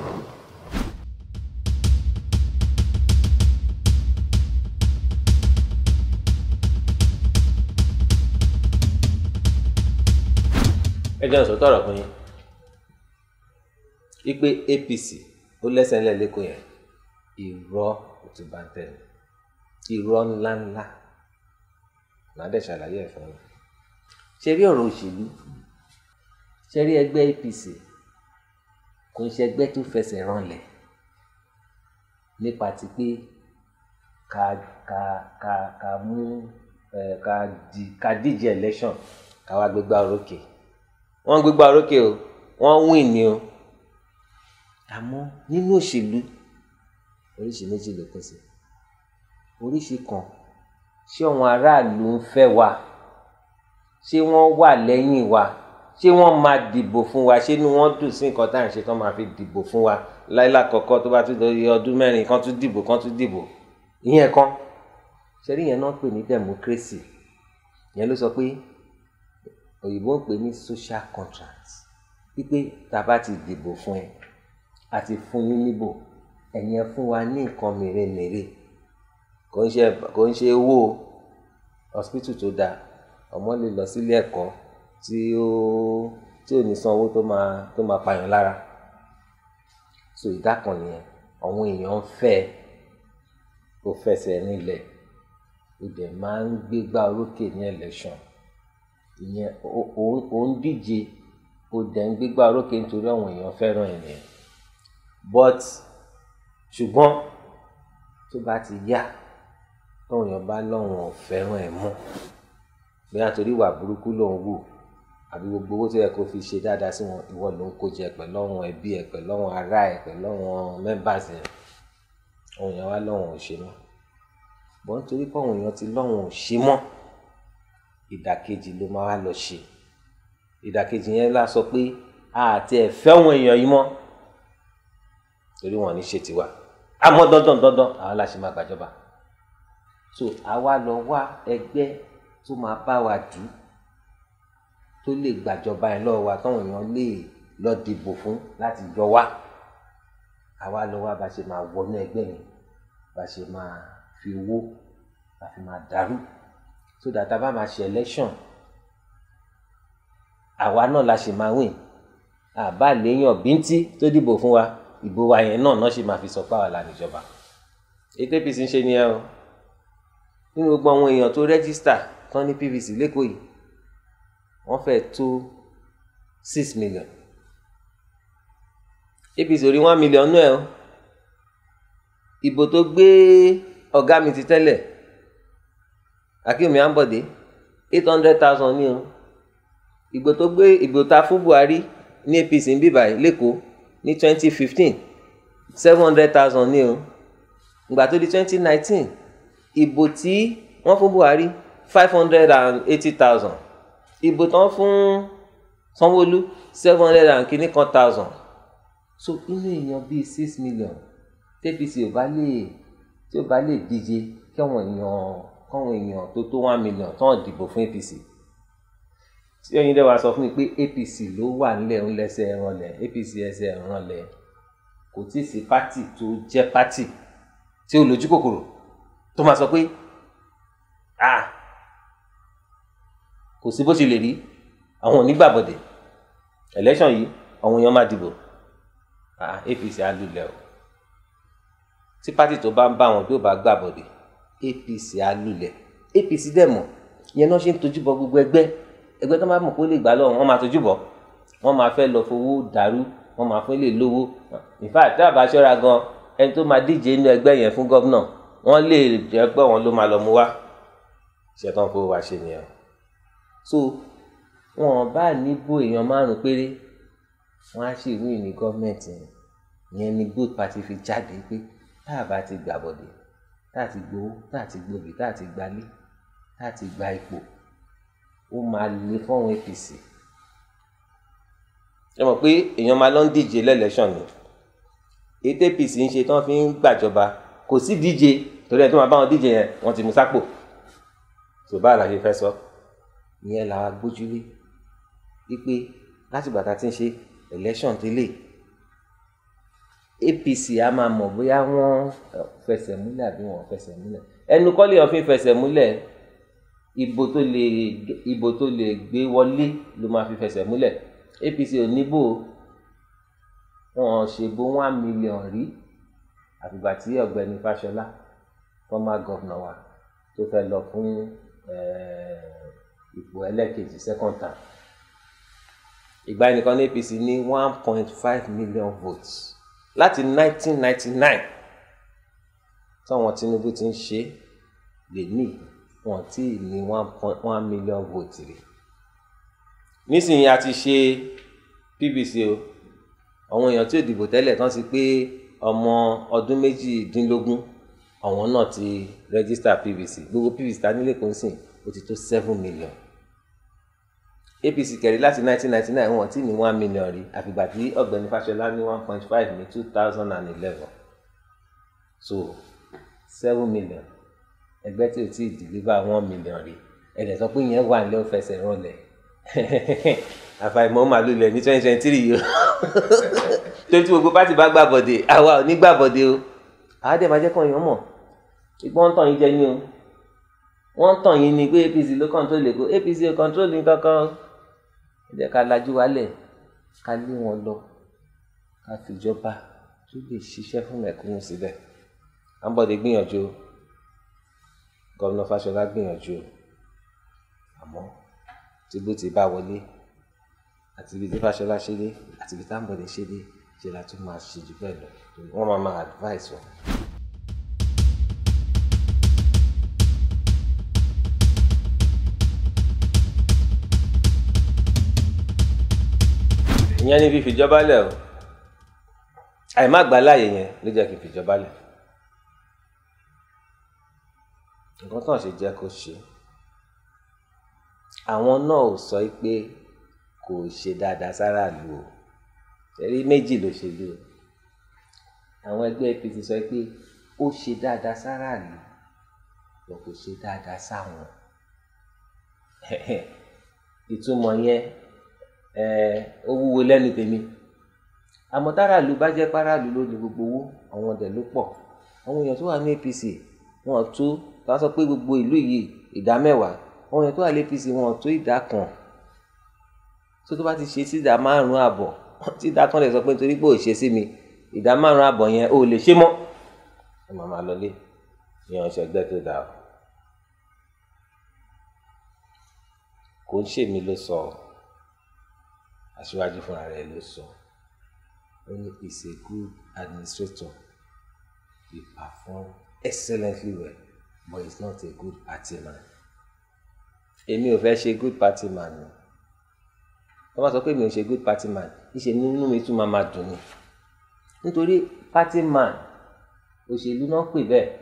ẹ jẹ́ sọ tọrọ fún yín ipe APC ó lẹ́sẹ̀ ńlẹ̀ lẹ́kọ̀ọ́ yẹn irọ́ òtún bá ń tẹ̀lé irọ́ ńláńlá màá dẹ̀ ṣàlàyé ẹ̀ fún yín ṣe rí ọ̀rọ̀ òṣèlú ṣe rí ẹgbẹ́ APC kò ń ṣe ẹgbẹ́ tó fẹsẹ̀ rànlẹ̀ nípa ti pé ká ká ká ká mú ẹ ká di ká díje election ká wá gbégbá orókè. Okay wọ́n gbégbá orókè o wọ́n win ni o àmọ́ nínú òṣèlú oríṣi méjì ló pín sí oríṣi kan ṣé àwọn aráàlú ń fẹ́ wa ṣé wọ́n wà lẹ́yìn wa ṣé wọ́n máa dìbò fún wa ṣé inú wọn dùn sí nǹkan tá à ń ṣe tán máa fi dìbò fún wa láìlákọ̀ọ́kọ́ tó bá tún lórí ọdún mẹ́rin kan tún dìbò kan tún dìbò ìyẹn kan ṣe rí náà pè ní democracy yẹn ló sọ pé òyìnbó ń pè ní social contract wípé tá a bá ti dìbò fún ẹ a ti fún yín níbò ẹ̀yin ẹ fún wa ní nǹkan mèremère kò ń ṣe kò ń ṣe owó hospital tó dáa ọmọ lè lọ sílé ẹ̀kọ́ tí ó tí ò ní san owó tó máa tó máa pààyàn lára so ìdá kan nìyẹn àwọn èèyàn ń fẹ́ kó fẹsẹ̀ nílẹ̀ ó dẹ̀ máa ń gbégbá orókè ní election ìyẹn òun díje ó dẹ̀ ń gbégbá orókè nítorí àwọn èèyàn fẹ́ràn ènìyàn but ṣùgbọ́n tó bá ti yá tóun èèyàn bá lọ́wọ́n ò fẹ́ràn ẹ̀ mọ́ bóyá torí ìwà burúkú lòun wù àbí gbogbo owó tó yẹ kó fi ṣe dáadáa sí wọn ìwọ ló ń kó jẹ pẹ̀lú àwọn ẹbí ẹ pẹ̀lú àwọn ará ẹ pẹ̀lú àwọn members ẹ òun èèyàn wá lọ́wọ́n ò ṣe mọ́ bọ́n torí pé àwọn èèyàn ti lọ́wọ́n ò ṣe mọ́ ìdàkejì ló máa lọ ṣe ìdàkejì yẹn la sọ pé àti ẹ̀fẹ́ àwọn èèyàn yìí mọ́ torí wọn ní ṣe tiwa àmọ́ dandan dandan àwọn aláṣẹ máa gbàjọba so àwa lọ wá ẹgbẹ́ tó máa bá wa dù tó lè gbàjọba yẹn lọ́wọ́ wa táwọn èèyàn lè lọ dìbò fún láti yọ wá àwa lọ wá bá ṣe máa wọnú ẹgbẹ́ yẹn bá ṣe máa fi owó bá fi máa dàrú so that a bá máa ṣe election àwa náà la ṣe máa win àbá léèyàn bíntín tó dìbò fún wa ìbò wa yẹn náà náà ṣe máa fi sọ pé àwa la níjọba ètò apc ń ṣe nìyẹn o nínú gbogbo àwọn èèyàn tó rẹ́gísítà tán ní pvc lẹ́kọ̀ọ́ yìí wọ́n fẹ́ tó six million apc orí one million nú ẹ o ìbò tó gbé ọ̀gá mi ti tẹ́lẹ̀ akínwùmí àǹbọ̀dé eight hundred thousand ní o ìgbò tó gbé ìgbò ta fún buhari ní apc ń bíbà yìí lẹ́kọ̀ọ́ ní twenty fifteen seven hundred thousand ní o ìgbà tó di twenty nineteen ìbò tí wọ́n fún buhari five hundred and eighty thousand ìbò tán fún sanwóolu seven hundred and kìíní kan thousand so inú èèyàn bíi six million tẹ́pìsì ò bá lè tí ò bá lè díje kí àwọn èèyàn káwọn èèyàn tó tó one million tán dìbò fún APC tí ẹ̀yin dẹ́wà sọ fún mi pé APC ló wà nílẹ̀ ń lẹ́sẹ̀ ẹ̀rànlẹ̀ APC ẹsẹ̀ ẹ̀rànlẹ̀ kò tí ì sí pátì tó jẹ́ pátì tí ó lójú kòkòrò tó máa sọ pé ah kò sí bó ṣe lè rí àwọn onígbàbọ̀dẹ̀ election yìí àwọn èèyàn máa dìbò ah APC á lulẹ̀ o tí pátì tó bá ń bá wọn tó bá gbàbọ̀dẹ̀ APC á lulẹ̀ APC dẹ̀ mọ̀ ìyẹn náà ṣe ń tojú bọ gbogbo ẹgbẹ́ ẹgbẹ́ tó máa mọ̀ kó lè gbà lọ́wọ́ wọn máa tojú bọ̀ wọn máa fẹ́ lọ fowó dàrú wọn máa fẹ́ lè lówó in fact tá a bá ṣọ́ra gan ẹni tó máa díje inú ẹgbẹ́ yẹn fún gọ́vnà wọn lè jẹ́ pé wọn ló máa lọ mú wá ṣe tán fowó wá ṣe nìyẹn so wọn bá níbo èèyàn márùn péré wọn á sì wí ní gọ́ọ̀mẹ̀ntì yẹn ni good party fi jáde pé tá a bá ti gbàbọ̀dé tá a ti gbowó tá a ti gbòbí tá a ti gbalé tá a ti gba ipò ó máa le fọ́n APC ẹ mọ̀ pé èèyàn máa lọ ń díje lẹ́lẹ́sàn ni ètò APC ń ṣe tí wọ́n fi ń gbàjọba kò sí díje torí ẹ tó máa bá wọn díje yẹn wọ́n ti mú sápò tó bá àlàyé fẹ́ sọ ìyẹn làwọn agbójúlé wípé látìgbà tá a ti ń ṣe election tẹ́lẹ̀ APC a máa mọ̀ bóyá wọ́n fẹsẹ̀ múlẹ̀ àbí wọ́n fẹsẹ̀ múlẹ̀ ẹnu kọ́lé yẹn fi fẹsẹ̀ múlẹ̀ ìbò tó lè ìbò tó lè gbé wọlé ló máa fi fẹsẹ̀ múlẹ̀ APC ò níbò wọn ṣèbò one million rí àfìgbà tí ọ̀gbẹ́ni Fáṣọlá former governor wa tó fẹ́ lọ fún eh, ipò ẹlẹ́kejì second term ìgbà ẹnìkan ní APC ní one point five million votes láti 1999 táwọn Tinubu ti ń ṣe lè ní wọn tí ì ní one point one million vote rè nísìnyí a ti ṣe PVC o àwọn èèyàn tí ò dìbò tẹ́lẹ̀ tán ti pé ọmọ ọdún méjìdínlógún àwọn náà ti rẹ́gísítà PVC gbogbo PVC ta nílé kò ń sìn ó ti tó seven million apc kẹrí láti 1999 wọn ti ní one million rí àfìgbà tí ọ̀gbẹ́ni fáṣọlá ní one point five ní 2011 so seven million ẹgbẹ́ tí o ti deliver one million rí ẹ̀dẹ̀ sọ pé ìyẹn wà nílẹ̀ ó fẹsẹ̀ rọlẹ̀ àfàìmọ̀ màlúù lẹ̀ ní 2023 yìí o torí tí gbogbo pátì bá gbàbọ̀dé àwa ò ní gbàbọ̀dé o àádẹ́ máa jẹ́ kàn yín mọ̀ ìgbọ́n tàn yín jẹ yín o wọ́n tàn yín ni pé APC ló control tó lè APC ò control tó lè kankan jẹ́ ká lajú wálẹ̀ ká lé wọn lọ ká fìjọba tó lè ṣiṣẹ́ fún mẹ̀kúnnù síbẹ̀ Ambode gbìyànjú gómìnà Fáṣọlá gbìyànjú àmọ́ tìbú ti bá wọlé àti ibi tí Fáṣọlá ṣe dé àti ibi tí Ambode ṣe dé ṣe la tún máa ṣe jù bẹ́ẹ̀ lọ wọ́n máa máa advice wọn. ìyẹn ni fífi ìjọba lẹ̀ o àìmá àgbáláyè yẹn ló jẹ́ kí n fìjọba lẹ̀ nǹkan tán ṣe jẹ́ kó ṣe àwọn náà ò sọ pé kò ṣe dáadáa sára lù o ẹ̀rí méjì ló ṣe lù o àwọn ẹgbẹ́ APC sọ pé ó ṣe dáadáa sára lù o kò ṣe dáadáa sáwọn ìtumọ̀ yẹn ó wúwo lẹ́nu tèmi àmọ́ táráàlú bá jẹ́ páráàlú ló ní gbogbo owó àwọn ọ̀dẹ̀ ló pọ̀ àwọn èèyàn tó wà ní APC wọn ò tó ká sọ pé gbogbo ìlú yìí ìdá mẹ́wàá àwọn èèyàn tó wà ní APC wọn ò tó ìdá kan tó tó bá ti ṣe sí ìdá márùn-ún àbọ̀ tí ìdá kan lè sọ pé nítorí pé ò ṣe sí mi ìdá márùn-ún àbọ̀ yẹn ò lè ṣe mọ́ ẹ máa máa lọlé ìyẹn ọ̀sẹ̀ ẹgbẹ́ tó dáa kò ń ṣèmi ló sọ ọ́ aṣíwájú fúnra rẹ̀ ló sọ ó ní is a good administrator he perform excellently well but he is not a good party man èmi ò fẹ́ ṣe good party man o wọ́n bá sọ pé mi ò ṣe good party man ìṣe nínú mi tún máa ma dùn mí nítorí party man òṣèlú náà pè bẹ́ẹ̀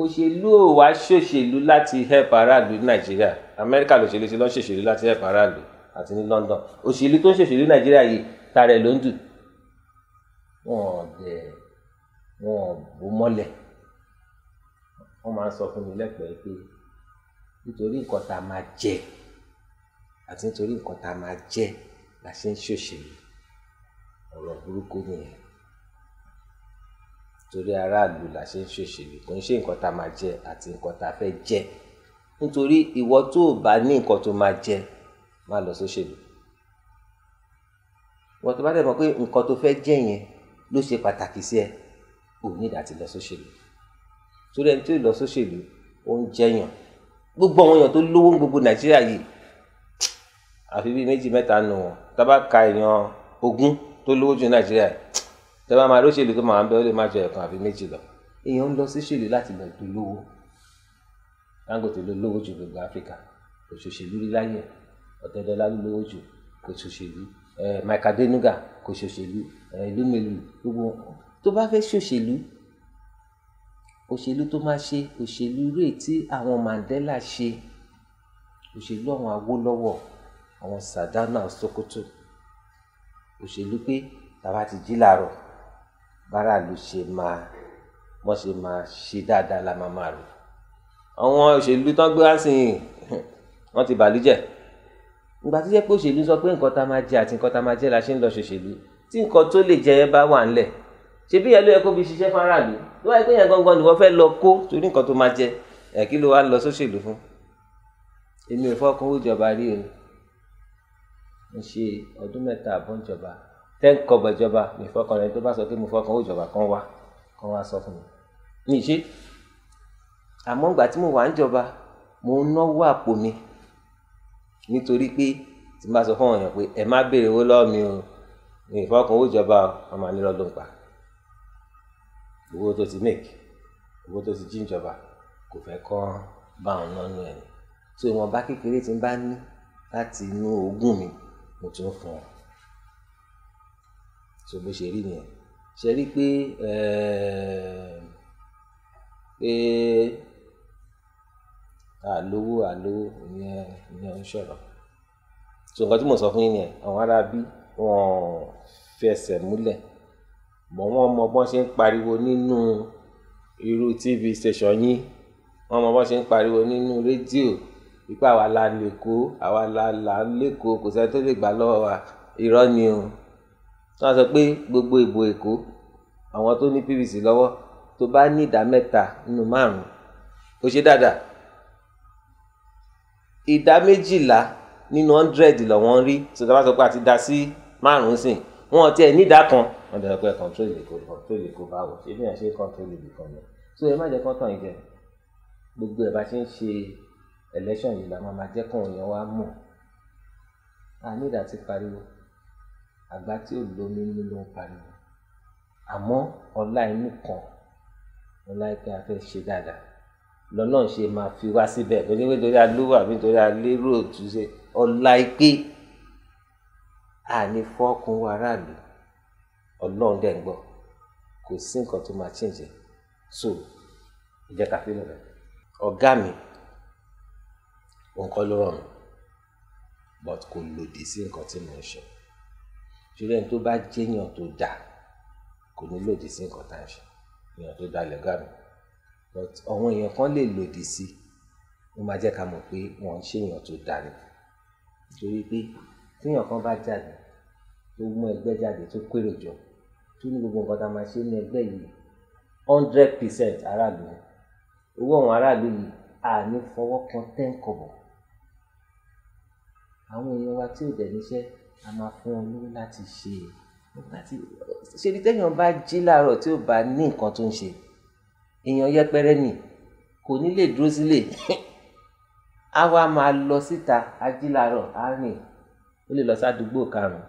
òṣèlú ò wá ṣòṣèlú láti help aráàlú ní nàìjíríà amẹ́ríkà lòṣèlú ti lọ́ ṣòṣèlú láti help aráàlú àti ní London òṣèlú tó ń ṣèṣèlú Nàìjíríà yìí tààrẹ ló ń dù wọn ò dẹ wọn ò bó mọ́lẹ̀ wọn máa ń sọ fún mi lẹ́pẹ̀ẹ́ pé nítorí nǹkan tá a máa jẹ àti nítorí nǹkan tá a máa jẹ la ṣe ń ṣòṣèlú ọ̀rọ̀ burúkú nìyẹn torí aráàlú la ṣe ń ṣòṣèlú kò ń ṣe nǹkan tá a máa jẹ àti nǹkan tá a fẹ́ jẹ nítorí ìwọ tó o bá ní nǹkan tó máa jẹ má lọ sóṣèlú wọ́n tó bá dẹ̀ mọ̀ pé nǹkan tó fẹ́ jẹ́ yẹn ló ṣe pàtàkì sí ẹ ò ní ìdá ti lọ sóṣèlú torí ẹni tó lọ sóṣèlú ó ń jẹyàn gbogbo àwọn èèyàn tó lówó gbogbo nàìjíríà yìí àfi bíi méjì mẹ́ta nù wọn tábà ka èèyàn ogún tó lówó ju nàìjíríà tábà máa lóṣèlú tó máa ń bẹ ó lè má jọ ẹ̀kan àfi méjì lọ èèyàn ń lọ sóṣèlú láti lọ tó Dangote ló lówó ju gbogbo áfíríkà òṣòṣèlú rí láyé ẹ̀ ọ̀tẹ̀dọ́lá ló lówó jù kò ṣòṣèlú Michael Adenuga kò ṣòṣèlú ìlú mélòó gbogbo tó bá fẹ́ ṣòṣèlú òṣèlú tó máa ṣe òṣèlú irú ètí àwọn Mandela ṣe òṣèlú àwọn Awólọ́wọ̀ àwọn Sàdánà Sokoto òṣèlú pé tàbá ti jí làárọ̀ báràlú ṣe máa wọ́n ṣe máa ṣe dáadáa la máa máa rò àwọn òṣèlú tán gbé wá sí i wọ́n ti bàlú ìgbà tó jẹ́ pé òṣèlú sọ pé nǹkan tá a máa jẹ àti nǹkan tá a máa jẹ la ṣe ń lọ ṣòṣèlú tí nǹkan tó lè jẹ yẹn bá wà ńlẹ̀ ṣe bí yẹn kó fi ṣiṣẹ́ fáráàlú ló wáyé pé yẹn gangan ni wọ́n fẹ́ lọ kó torí nǹkan tó máa jẹ ẹ̀ kí ló wá lọ sóṣèlú fún èmi ò fọkàn owó ìjọba rí o mo ṣe ọdún mẹ́ta àbọ̀ ìjọba ten kọ́bọ̀ ìjọba mi fọkàn tó bá sọ pé mo fọkàn owó mo wà ń nítorí pé tí n bá sọ fún àwọn èèyàn pé ẹ má béèrè owó lọ́wọ́ mi o ní ìfọkànwó ìjọba ọmọ ànílọ́ ló ń pa owó tó ti make owó tó ti jí kò fẹ́ kọ́ bá òun náà nù ẹ̀yìn tó ìwọ̀nba kékeré tí n bá ní láti inú ogún mi mo tún fún ọ so bó ṣe rí nìyẹn ṣe rí pé pé àlówó àlówó ìyẹn ìyẹn ń ṣọ̀rọ̀ so nǹkan tí mo sọ fún yín nìyẹn àwọn ará bí wọn fẹsẹ̀ múlẹ̀ mọ̀ wọ́n mọ bọ́n ṣe ń pariwo nínú irú tv station yín wọ́n mọ bọ́n ṣe ń pariwo nínú rédíò ipa àwa la lẹ́kọ́ àwa la là ń lẹ́kọ́ kò sẹ́ni tó lè gbà lọ́wọ́ wa irọ́ ni o wọ́n sọ pé gbogbo ìbò èkó àwọn tó ní pvc lọ́wọ́ tó bá ní ìdá mẹ́ta nínú márùn ó ṣe dáadáa ìdá méjìlá nínú hundred lọ́wọ́n rí sọ̀tà bá sọ pé àti dá sí márùn-ún sìn wọn ti ẹ̀ nídàá kan wọn dẹ̀ pé control lè kó control lè kó bá wọ̀ ṣé bí wọn ṣe control lè bìkan lọ so ẹ má jẹ́ kán tàn ìjẹ gbogbo ẹ̀ bá ṣe ń ṣe election yìí la máa jẹ́ kàn yẹn wá mọ̀ a nídàá ti pariwo àgbà tí ò lómi nínú pariwo àmọ́ ọlá inú kan ọlá ẹgbẹ́ afẹ́ ṣe dáadáa lọ́nà ṣe máa fi wá síbẹ̀ torí pé torí alówó àbí torí alérò òtúnṣe ọ̀la ìpè àní fọ́ọ̀kùn aráàlú ọlọ́run dẹ̀ ń gbọ́ kò sí nǹkan tó máa chíǹjẹ so ìjẹ́ kàfé lọ́dọ̀ ọ̀gá mi nǹkan ló rọrùn but kò lòdì sí nǹkan tí mò ń ṣe ṣùgbọ́n tó bá jẹ́yàn tó dáa kò ní lòdì sí nǹkan tá à ṣe èèyàn tó dáa lẹ́gàá but àwọn èèyàn kan lè lòdì sí i ó máa jẹ́ ká mọ̀ pé wọ́n ń ṣèyàn tó dáa ni torí pé téèyàn kan bá jáde tó mú ẹgbẹ́ jáde tó kéré jọ tó ní gbogbo nǹkan tá a máa ṣe ní ẹgbẹ́ yìí hundred percent aráàlú owó àwọn aráàlú yìí àní fọwọ́ kan ten kọ̀bọ̀ àwọn èèyàn wa tí ò dẹ̀ níṣẹ́ a máa fún wọn lówó láti ṣe láti ṣe ni téèyàn bá jí láàárọ̀ tí ò bá ní nǹkan tó ń ṣe èèyàn yẹpẹrẹ nì kò ní lè dúró sílẹ̀ á wá máa lọ síta ajílàárọ̀ á rìn ó lè lọ sádùúgbò karùn-ún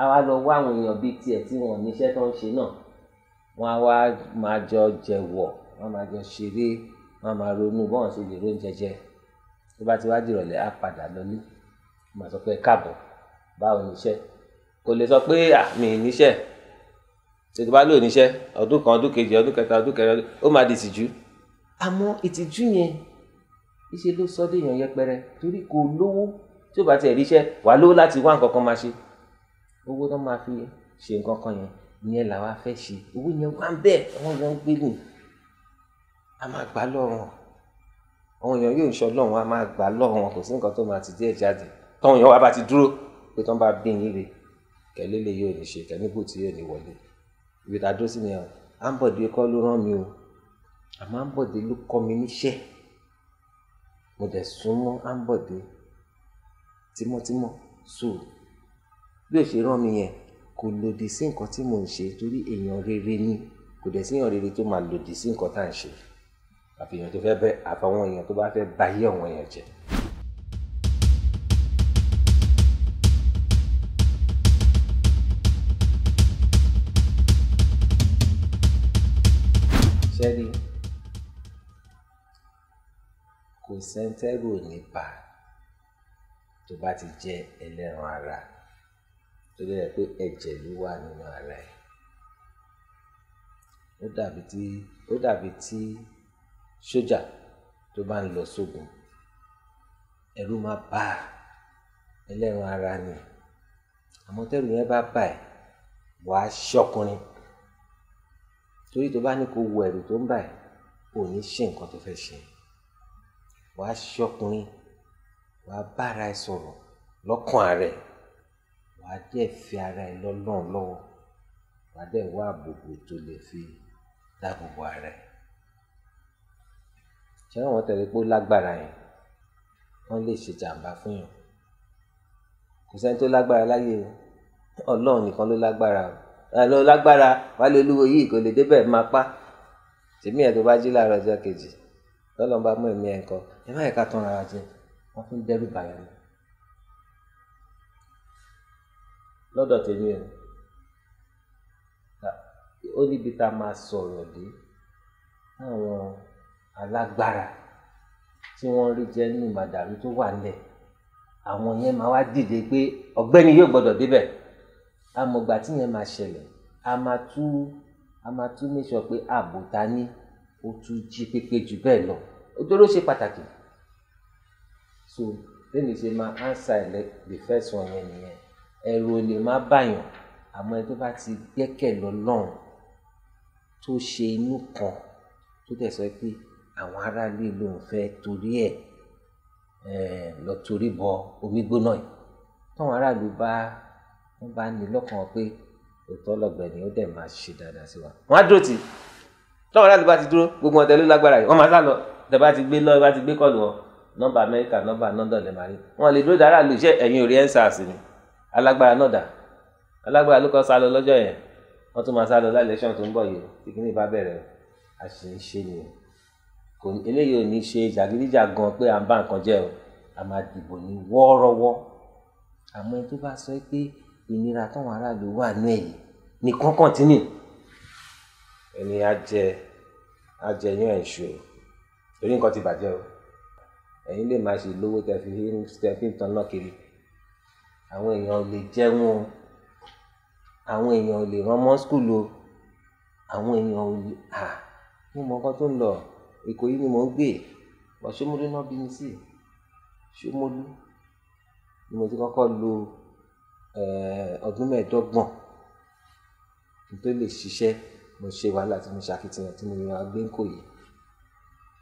á wá lọ wá àwọn èèyàn bíi tiẹ̀ tí wọ́n níṣẹ́ tó ń ṣe náà wọ́n á wá máa jọ jẹ̀wọ̀ wọ́n máa jọ ṣeré wọ́n máa ronú bọ́ọ̀ ṣe lè róúnjẹ jẹ tó bá ti wá dìrọ̀lẹ́ á padà lọlé màá sọ pé káàbọ̀ báwo níṣẹ́ kò lè sọ pé àmì níṣẹ́ ṣètò bá lò níṣẹ́ ọdún kan ọdún kejì ọdún kẹta ọdún kẹrin ọdún ó máa di ìtìjú àmọ́ ìtìjú yẹn ìṣe ló sọ dé èèyàn yẹpẹrẹ torí kò lówó tí ó bá tiẹ̀ ríṣẹ́ wàá lówó láti wá nǹkan kan máa ṣe owó tó máa fi ṣe nǹkan kan yẹn ìyẹn làwa fẹ́ ṣe owó yẹn wá ń bẹ́ẹ̀ àwọn èèyàn ń gbé nì a máa gbà lọ́rùn àwọn èèyàn yóò sọ lọ́rùn a máa gbà lọ́rùn kò sí nǹkan tó máa ti díẹ̀ jáde táwọn èèyàn wá bá ti dúró pé tó ń bá bí yín re kẹ́lé yóò ní ṣe kẹ́lé tí yóò ní wọlé ibi tá a dúró sí ni ọ Ambode kọ́ ló rán mi o àmọ́ Ambode ló kọ́ mi níṣẹ́ mo dẹ̀ súnmọ́ Ambode tímọ́tímọ́ so bí o ṣe rán mi yẹn kò lòdì sí nǹkan tí mò ń ṣe torí èèyàn rere ni kò dẹ̀ sí èèyàn rere tó máa lòdì sí nǹkan tá à ń ṣe àfihàn tó fẹ́ bẹ́ àfàwọn èèyàn tó bá fẹ́ bayé àwọn èèyàn jẹ́. ṣẹ́rí kò sẹ́ńtẹ́rù ní bà tó bá ti jẹ́ ẹlẹ́ran ara tó lè pé ẹ̀jẹ̀ ló wà nínú ara ẹ̀ ó dàbí tí ó dàbí tí sójà tó bá ń lọ sógun ẹ̀rù máa bà á ẹlẹ́ran ara ni àmọ́ yẹn bá bà ẹ̀ wàá ṣọkùnrin torí tó bá ní kó wo ẹ̀rù tó ń bà ẹ́ ò ní ṣe nǹkan tó fẹ́ ṣe wàá ṣọkùnrin wàá bára ẹ sọ̀rọ̀ lọ́kàn ààrẹ wàá dẹ̀ fi ara ẹ lọ́lọ́run lọ́wọ́ wàá dẹ̀ wá àbòbò tó lè fi dáàbòbò ara ẹ ṣé àwọn tẹ̀lé pé ó lágbára yẹn wọ́n lè ṣe jàǹbá fún yàn kò sẹ́ni tó lágbára láyé ọlọ́run nìkan ló lágbára o Eh, lọ lágbára wálé olúwo yìí kò lè débẹ̀ máa pa tèmi ẹ̀ tó bá jí láàárọ̀ ọjọ́ kejì lọ́lọ́run bá mú ẹ̀mí ẹ̀ kọ́ ẹ má yẹ ká tán ara jẹ wọ́n fún dẹ́rù bàyà mi lọ́dọ̀ tèmi ẹ̀ ó níbi tá a máa sọ̀rọ̀ dé àwọn alágbára tí wọ́n rí jẹ́ nínú màdàrú tó wà nílẹ̀ àwọn yẹn máa wá dìde pé ọ̀gbẹ́ni yóò gbọ́dọ̀ débẹ̀ amọ̀gbà tí yẹn máa ṣẹlẹ̀ a máa tú a máa tú make sure pé ààbò ta ní ó tún jí pépé jù bẹ́ẹ̀ lọ nítorí ó ṣe pàtàkì so lẹ́yìn ṣe máa answer ẹ̀ the first one yẹn nìyẹn ẹ̀rù ò lè má bàyàn àmọ́ ẹni tó bá ti gbẹ́kẹ̀ lọ lọ́hùn tó ṣe inú kan tó dẹ̀ sọ pé àwọn aráàlú ìlú òun fẹ́ torí ẹ̀ lọ torí bọ omi gbóná yìí táwọn aráàlú bá wọ́n bá ní lọ́kàn wọn pé òótọ́ lọ́gbẹ̀ ni ó dẹ̀ máa ṣe dáadáa sí wa. wọ́n á dúró tì lọ́wọ́ láti bá ti dúró gbogbo ọ̀tẹ̀ ló lágbára yìí wọ́n máa sá lọ tẹ̀ bá ti gbé lọ bá ti gbé kọ́ọ̀lù wọn nọ́mbà amẹ́ríkà nọ́mbà london lè máa rí wọn lè dúró dára lè ṣe ẹ̀yìn orí ensars ni alágbára náà dà alágbára ló kọ́ sá lọ lọ́jọ́ yẹn wọ́n tún máa sá lọ lálẹ́sọ̀n tó ń bọ̀ yìí tìkínní bá bẹ̀rẹ̀ àṣìṣe nìyẹn kò eléyìí ò ní ṣe jàgídíjàgan pé à ń bá nǹkan jẹ́ o a máa dìbò ní wọ́ọ́rọ́wọ́ àmọ́ ẹni tó bá sọ pé ìnira táwọn aráàlú wà nú ẹ̀ yìí nìkan kọ́ntínì ẹni ajẹ ajẹ yín ẹ̀ ṣù ẹ̀ torí nǹkan ti bàjẹ́ o ẹ̀yin lè máa ṣe lówó tẹ fi tẹ fi ń tan náà kiri àwọn èèyàn ò lè jẹun o àwọn èèyàn ò lè rán skul o àwọn èèyàn ò lè à mo mọ nǹkan tó ń lọ èkó yìí ni mò ń gbé wàá ṣómólú náà bí mi sí ṣómólú ni mo ti kọ́kọ́ lo ọdún mẹ́ẹ̀ẹ́dọ́gbọ̀n tó lè ṣiṣẹ́ mo ṣe wàhálà tí mo ṣàkitiyan tí mo yan agbẹ́ńkò yìí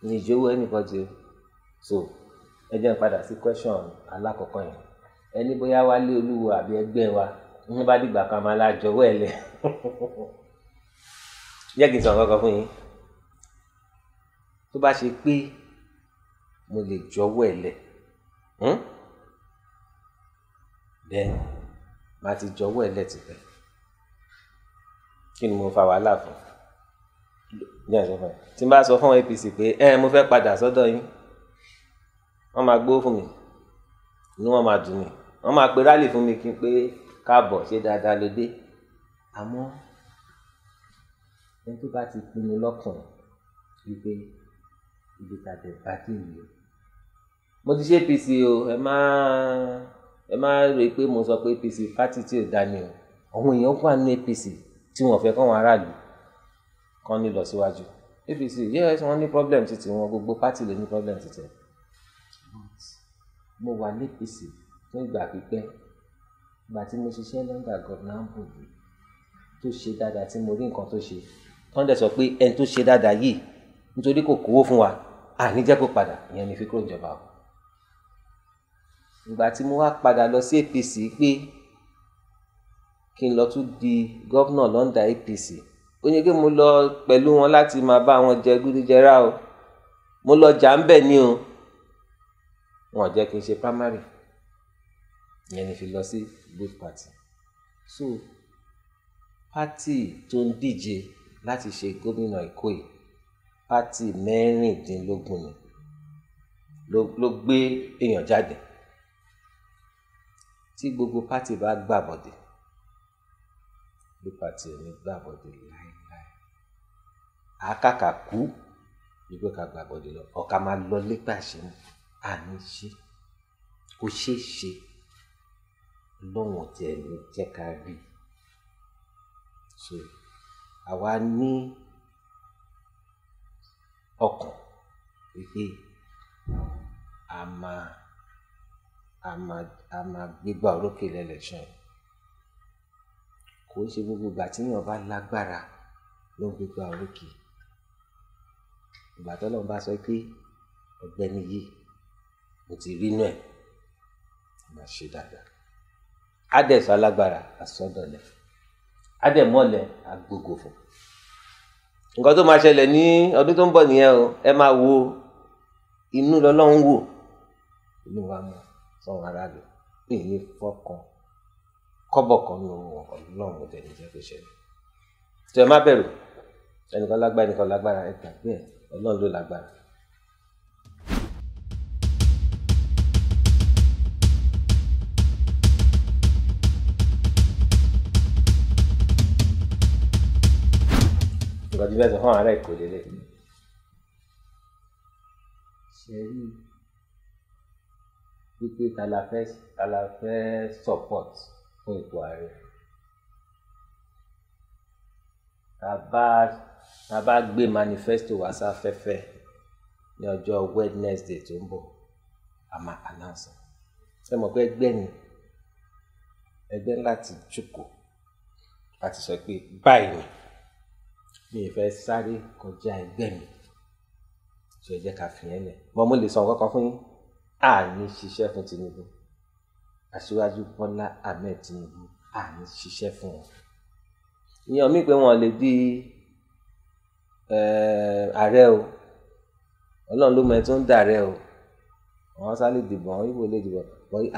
ní ìjọwọ́ ẹnìkan ti so ẹ jẹ́ padà sí question alákọ̀ọ́kọ́ yẹn ẹni bóyá wálé olúwo àbí ẹgbẹ́ wa ní bá dìgbà kan máa lájọwọ́ ẹ̀ lẹ̀ jẹ́ kí n sọ kankan fún yín tó bá ṣe pé mo lè jọwọ́ ẹ̀ lẹ̀ hmm? bẹ́ẹ̀ màá ti jọ̀wọ́ ẹ̀ lẹ́tìpẹ́ kí ni mo fa wàhálà fún ní ẹ̀sọ́ fún ẹ tí n bá sọ fún APC pé ẹ mo fẹ́ padà sọ́dọ̀ yín wọ́n máa gbó fún mi inú wọn máa dùn mí wọ́n máa pe rálì fún mi kí n pé káàbọ̀ ṣe dáadáa ló dé àmọ́ ẹni tó bá ti pinnu lọ́kàn wípé ibi tàbí bá dé mi o mo ti ṣe APC o ẹ máa ẹ má rò pé mo sọ pé APC pátì tí ò dá ni o àwọn èèyàn wà ní APC tí wọ́n fẹ́ káwọn aráàlú kan ní lọ síwájú APC yes wọ́n ní problem títí wọn gbogbo pátì ló ní problem títí mo wà ní APC fún ìgbà pípẹ́ ìgbà tí mo ṣiṣẹ́ lọ́ńdà gọ̀ọ̀nà àbòdì tó ṣe dáadáa tí mo rí nǹkan tó ṣe tán dẹ̀ sọ pé ẹni tó ṣe dáadáa yìí nítorí kò kówó fún wa àní jẹ́ kó padà ìyẹn ni fi kúrò ìjọba o ìgbà tí mo wá padà lọ sí APC pé kí n lọ tún di gọ́vnà lọ́ndà APC ó ní kí mo lọ pẹ̀lú wọn láti máa bá wọn jẹ gúdújẹrá o mo lọ jà ń bẹ̀ ni o wọn jẹ́ kí n ṣe primary ìyẹn ni fi lọ sí Labour party so party tó ń díje láti ṣe gómìnà Èkó yìí pátì mẹ́rìndínlógún ni ló gbé èèyàn jáde tí gbogbo pátì bá gbàbọ̀dé bí pátì ò ní gbàbọ̀dé láéláé àákàkà kú ìgbé ká gbàbọ̀dé lọ ọ̀ka máa lọ lẹ́gbà ṣe mú àní ṣe kò ṣeé ṣe lọ́wọ́n tí ẹ̀ ní jẹ́ ká rí so àwa ní ọkàn wípé a máa a máa a máa gbégbá orókè lẹ́lẹ́sàn kò ṣe gbogbo ìgbà tí èèyàn bá lágbára ló ń gbégbá orókè ìgbà tọ́lọ́run bá sọ pé ọ̀gbẹ́ni yìí mo ti rí inú ẹ̀ máa ṣe dáadáa adẹ̀sọ alágbára àsọdọ̀lẹ̀ adẹ̀mọ́lẹ̀ agbógo fún nǹkan tó máa ṣẹlẹ̀ ní ọdún tó ń bọ̀ nìyẹn o ẹ máa wo inú lọ́lọ́run wò inú wa mọ́ ọ sọ́run aráàlú èyí fọ́kàn kọ́bọ̀kan ní owó wọn ọlọ́run mo tẹ̀lé jẹ́ kó ṣẹlẹ̀ tó ẹ má bẹ̀rù ẹnìkan lágbára ẹnìkan lágbára ẹ gbàgbé ẹ ọlọ́run ló lágbára. ìgbàdúrà ti hàn ara ẹ̀ kò lélẹ̀. ṣe rí wípé ta la fẹ́ ta la fẹ́ support fún ipò ààrẹ ta bá ta bá gbé manifesto wá sáfẹ́fẹ́ ní ọjọ́ Wednesday tó ń bọ̀ a máa announce ẹ mọ̀ pé ẹgbẹ́ ni ẹgbẹ́ láti jókòó láti sọ pé báyìí ni mi ì fẹ́ sáré kọjá ẹgbẹ́ mi ṣe jẹ́ ká fi yẹn lẹ̀ mọ́ mo lè sọ nǹkan kan fún yín àní ṣiṣẹ́ fún Tinubu Aṣíwájú Bọ́lá Ahmed Tinubu àní ṣiṣẹ́ fún wọn ìyàn mí pé wọn lè di eh, ààrẹ o Ọlọ́run ló mọ ẹni tó ń dààrẹ o àwọn sá lè dìbò àwọn Ìgbò lè dìbò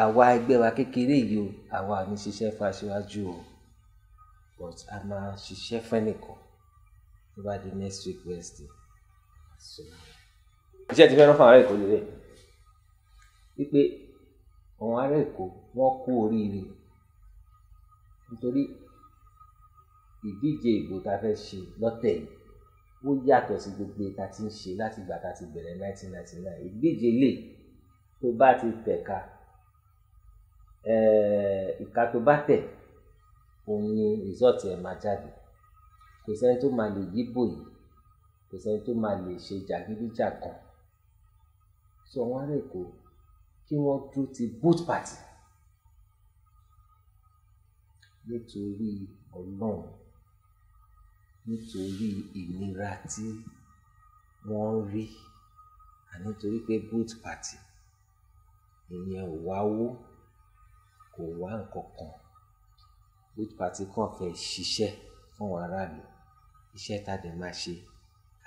àwa ẹgbẹ́ wa kékeré yìí o àwa àní ṣiṣẹ́ fún Aṣíwájú o but a máa ṣiṣẹ́ fẹ́nìkan tó bá di next week Wednesday. iṣẹ́ ti fẹ́ràn fún àwọn ẹ̀kọ́ lórí wípé àwọn ará èkó wọ́n kú oríire nítorí ìdíje ìbò tá a fẹ́ ṣe lọ́tẹ̀ yìí ó yàtọ̀ sí gbogbo tá a ti ń ṣe láti ìgbà tá ti bẹ̀rẹ̀ 1999 ìdíje lè tó bá ti tẹ̀ka eh, ìka tó bá tẹ̀ òun ni rìsọ́ọ̀tì ẹ̀ máa jáde kò sẹ́ni tó máa lè yíbò yìí kò sẹ́ni tó máa lè ṣe jàgídíjàkan sọ wọ́n rẹ̀ kó kí wọ́n dúró ti both party nítorí ọlọ́run nítorí ìnira tí wọ́n ń rí àní torí pé both party ìyẹn ò wáwó kò wá nǹkan kan both party kàn fẹ́ ṣiṣẹ́ fún aráàlú iṣẹ́ tá a dẹ̀ máa ṣe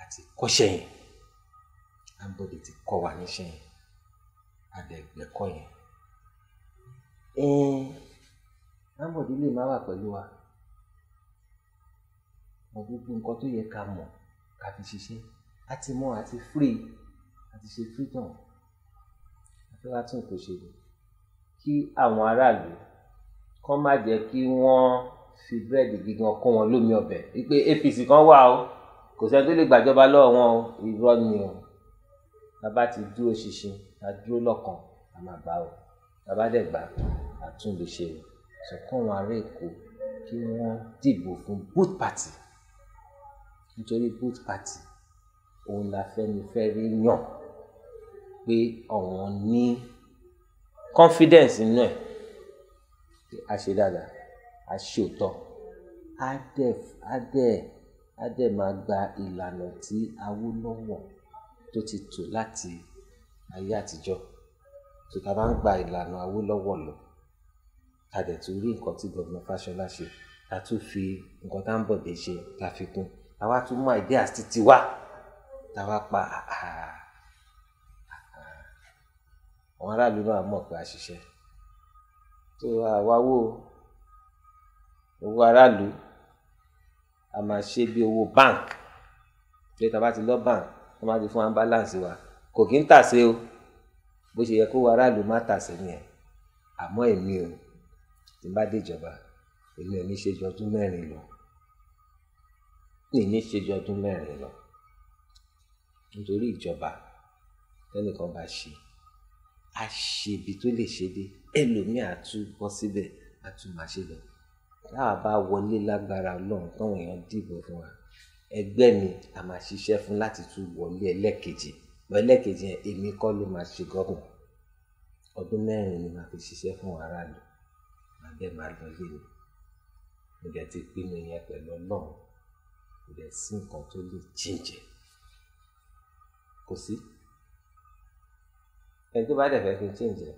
àti kọ́ṣẹ́ yẹn ambode ti kọ́ wa níṣẹ́ àdẹ̀gbẹ́kọ̀ yẹn. Mábọ̀dé lè má wà pẹ̀lú wa. Mo gbogbo nǹkan tó yẹ ká mọ̀ ká fi ṣiṣẹ́. A ti mọ̀ àti free àti ṣe freedom. Afẹ́wá tún kò ṣe lè. Kí àwọn aráàlú kọ́ má jẹ́ kí wọ́n fi búrẹ́dì gígan kó wọn lómi ọbẹ̀. Wípé APC kan wà o, kò sẹ́ni tó lè gbàjọba lọ́wọ́ wọn o, irọ́ ni o. Bàbá ti dúró ṣinṣin a dúró lọ́kàn a máa gbà o bàbá dẹ̀ gbà a tún lè ṣe o sọ kọ́ àwọn ará èkó kí wọ́n dìbò fún both party nítorí both party òun la fẹ́nifẹ́re yàn pé àwọn ní confidence nínú ẹ̀ pé a ṣe dáadáa a ṣe òótọ́ á dẹ̀ á dẹ̀ á dẹ̀ máa gba ìlànà tí Awólọ́wọ̀ tó ti tò láti ayé àtijọ́ tó ta bá ń gba ìlànà Awólọ́wọ̀ lọ ta dẹ̀ tún rí nǹkan tí gọvnà Fáṣọlá ṣe ta tún fi nǹkan tá ń bọ̀ dé ṣe ta fi kún ta wá tún mú àìdí àti tiwa ta wá pa àwọn aráàlú náà mọ̀ pé a ṣiṣẹ́ tó àwáwò owó aráàlú a máa ṣe bí owó bank pé ta bá ti lọ bank wọ́n máa ti fún wa balance wa kò kí ń tàsé o bó ṣe yẹ kó wa aráàlú má tàsé nìyẹn àmọ́ èmi o tí n bá déjọba èmi ò ní ṣe ju ọdún mẹ́rin lọ ní ní ṣe ju ọdún mẹ́rin lọ nítorí ìjọba lẹ́nìkan bá ṣe a ṣe ibi tó lè ṣe dé ẹlòmíì àtú bọ́ síbẹ̀ àtú máa ṣe lọ láwa bá wọlé lágbára ọlọ́run táwọn èèyàn dìbò fún wa ẹgbẹ́ mi a máa ṣiṣẹ́ fún láti tún wọlé ẹlẹ́ẹ̀kejì ẹlẹ́ẹ̀kejì yẹn èmi kọ́ ló máa ṣe gọ́gùn ọdún mẹ́rin ni màá fi ṣiṣẹ́ fún aráàlú màá bẹ́ẹ̀ máa lọ lé mi mo dẹ̀ ti pinnu yẹn pẹ̀lú ọlọ́run kò dẹ̀ sí nǹkan tó lè jíjẹ kò sí ẹni tó bá dẹ̀ fẹ́ kí jíjẹ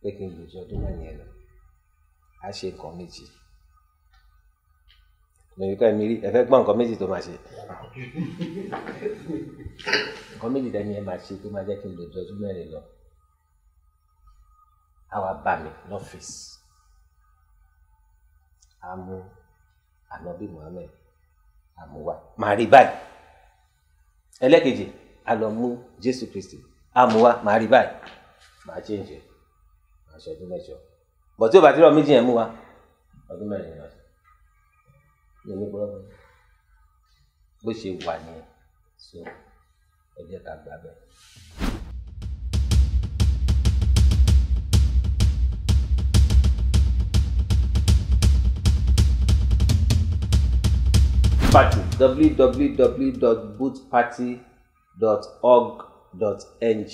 pé kí n lòjọ́ ọdún mẹ́rin yẹn lọ á ṣe nǹkan méjì lórí ká mi rí ẹ fẹ́ gbọ́ nǹkan méjì tó máa ṣe nǹkan méjì dání ẹ máa ṣe tó máa jẹ́ kí n lè jọ ọdún mẹ́rin lọ àwa bá mi lọ́fíìsì àmú ànábì Muhammed àmúwá màá rí báyìí ẹlẹ́kejì àlọ́mú Jésù Kristi àmúwá màá rí báyìí màá ṣe ń jẹ màá ṣe ọdún mẹ́jọ bọ̀ tí ó bá èmi gbọ́dọ̀ fún bó ṣe wà nìyẹn so ẹ jẹ́ ká gbà bẹ́ẹ̀. party www.bootparty.org.ng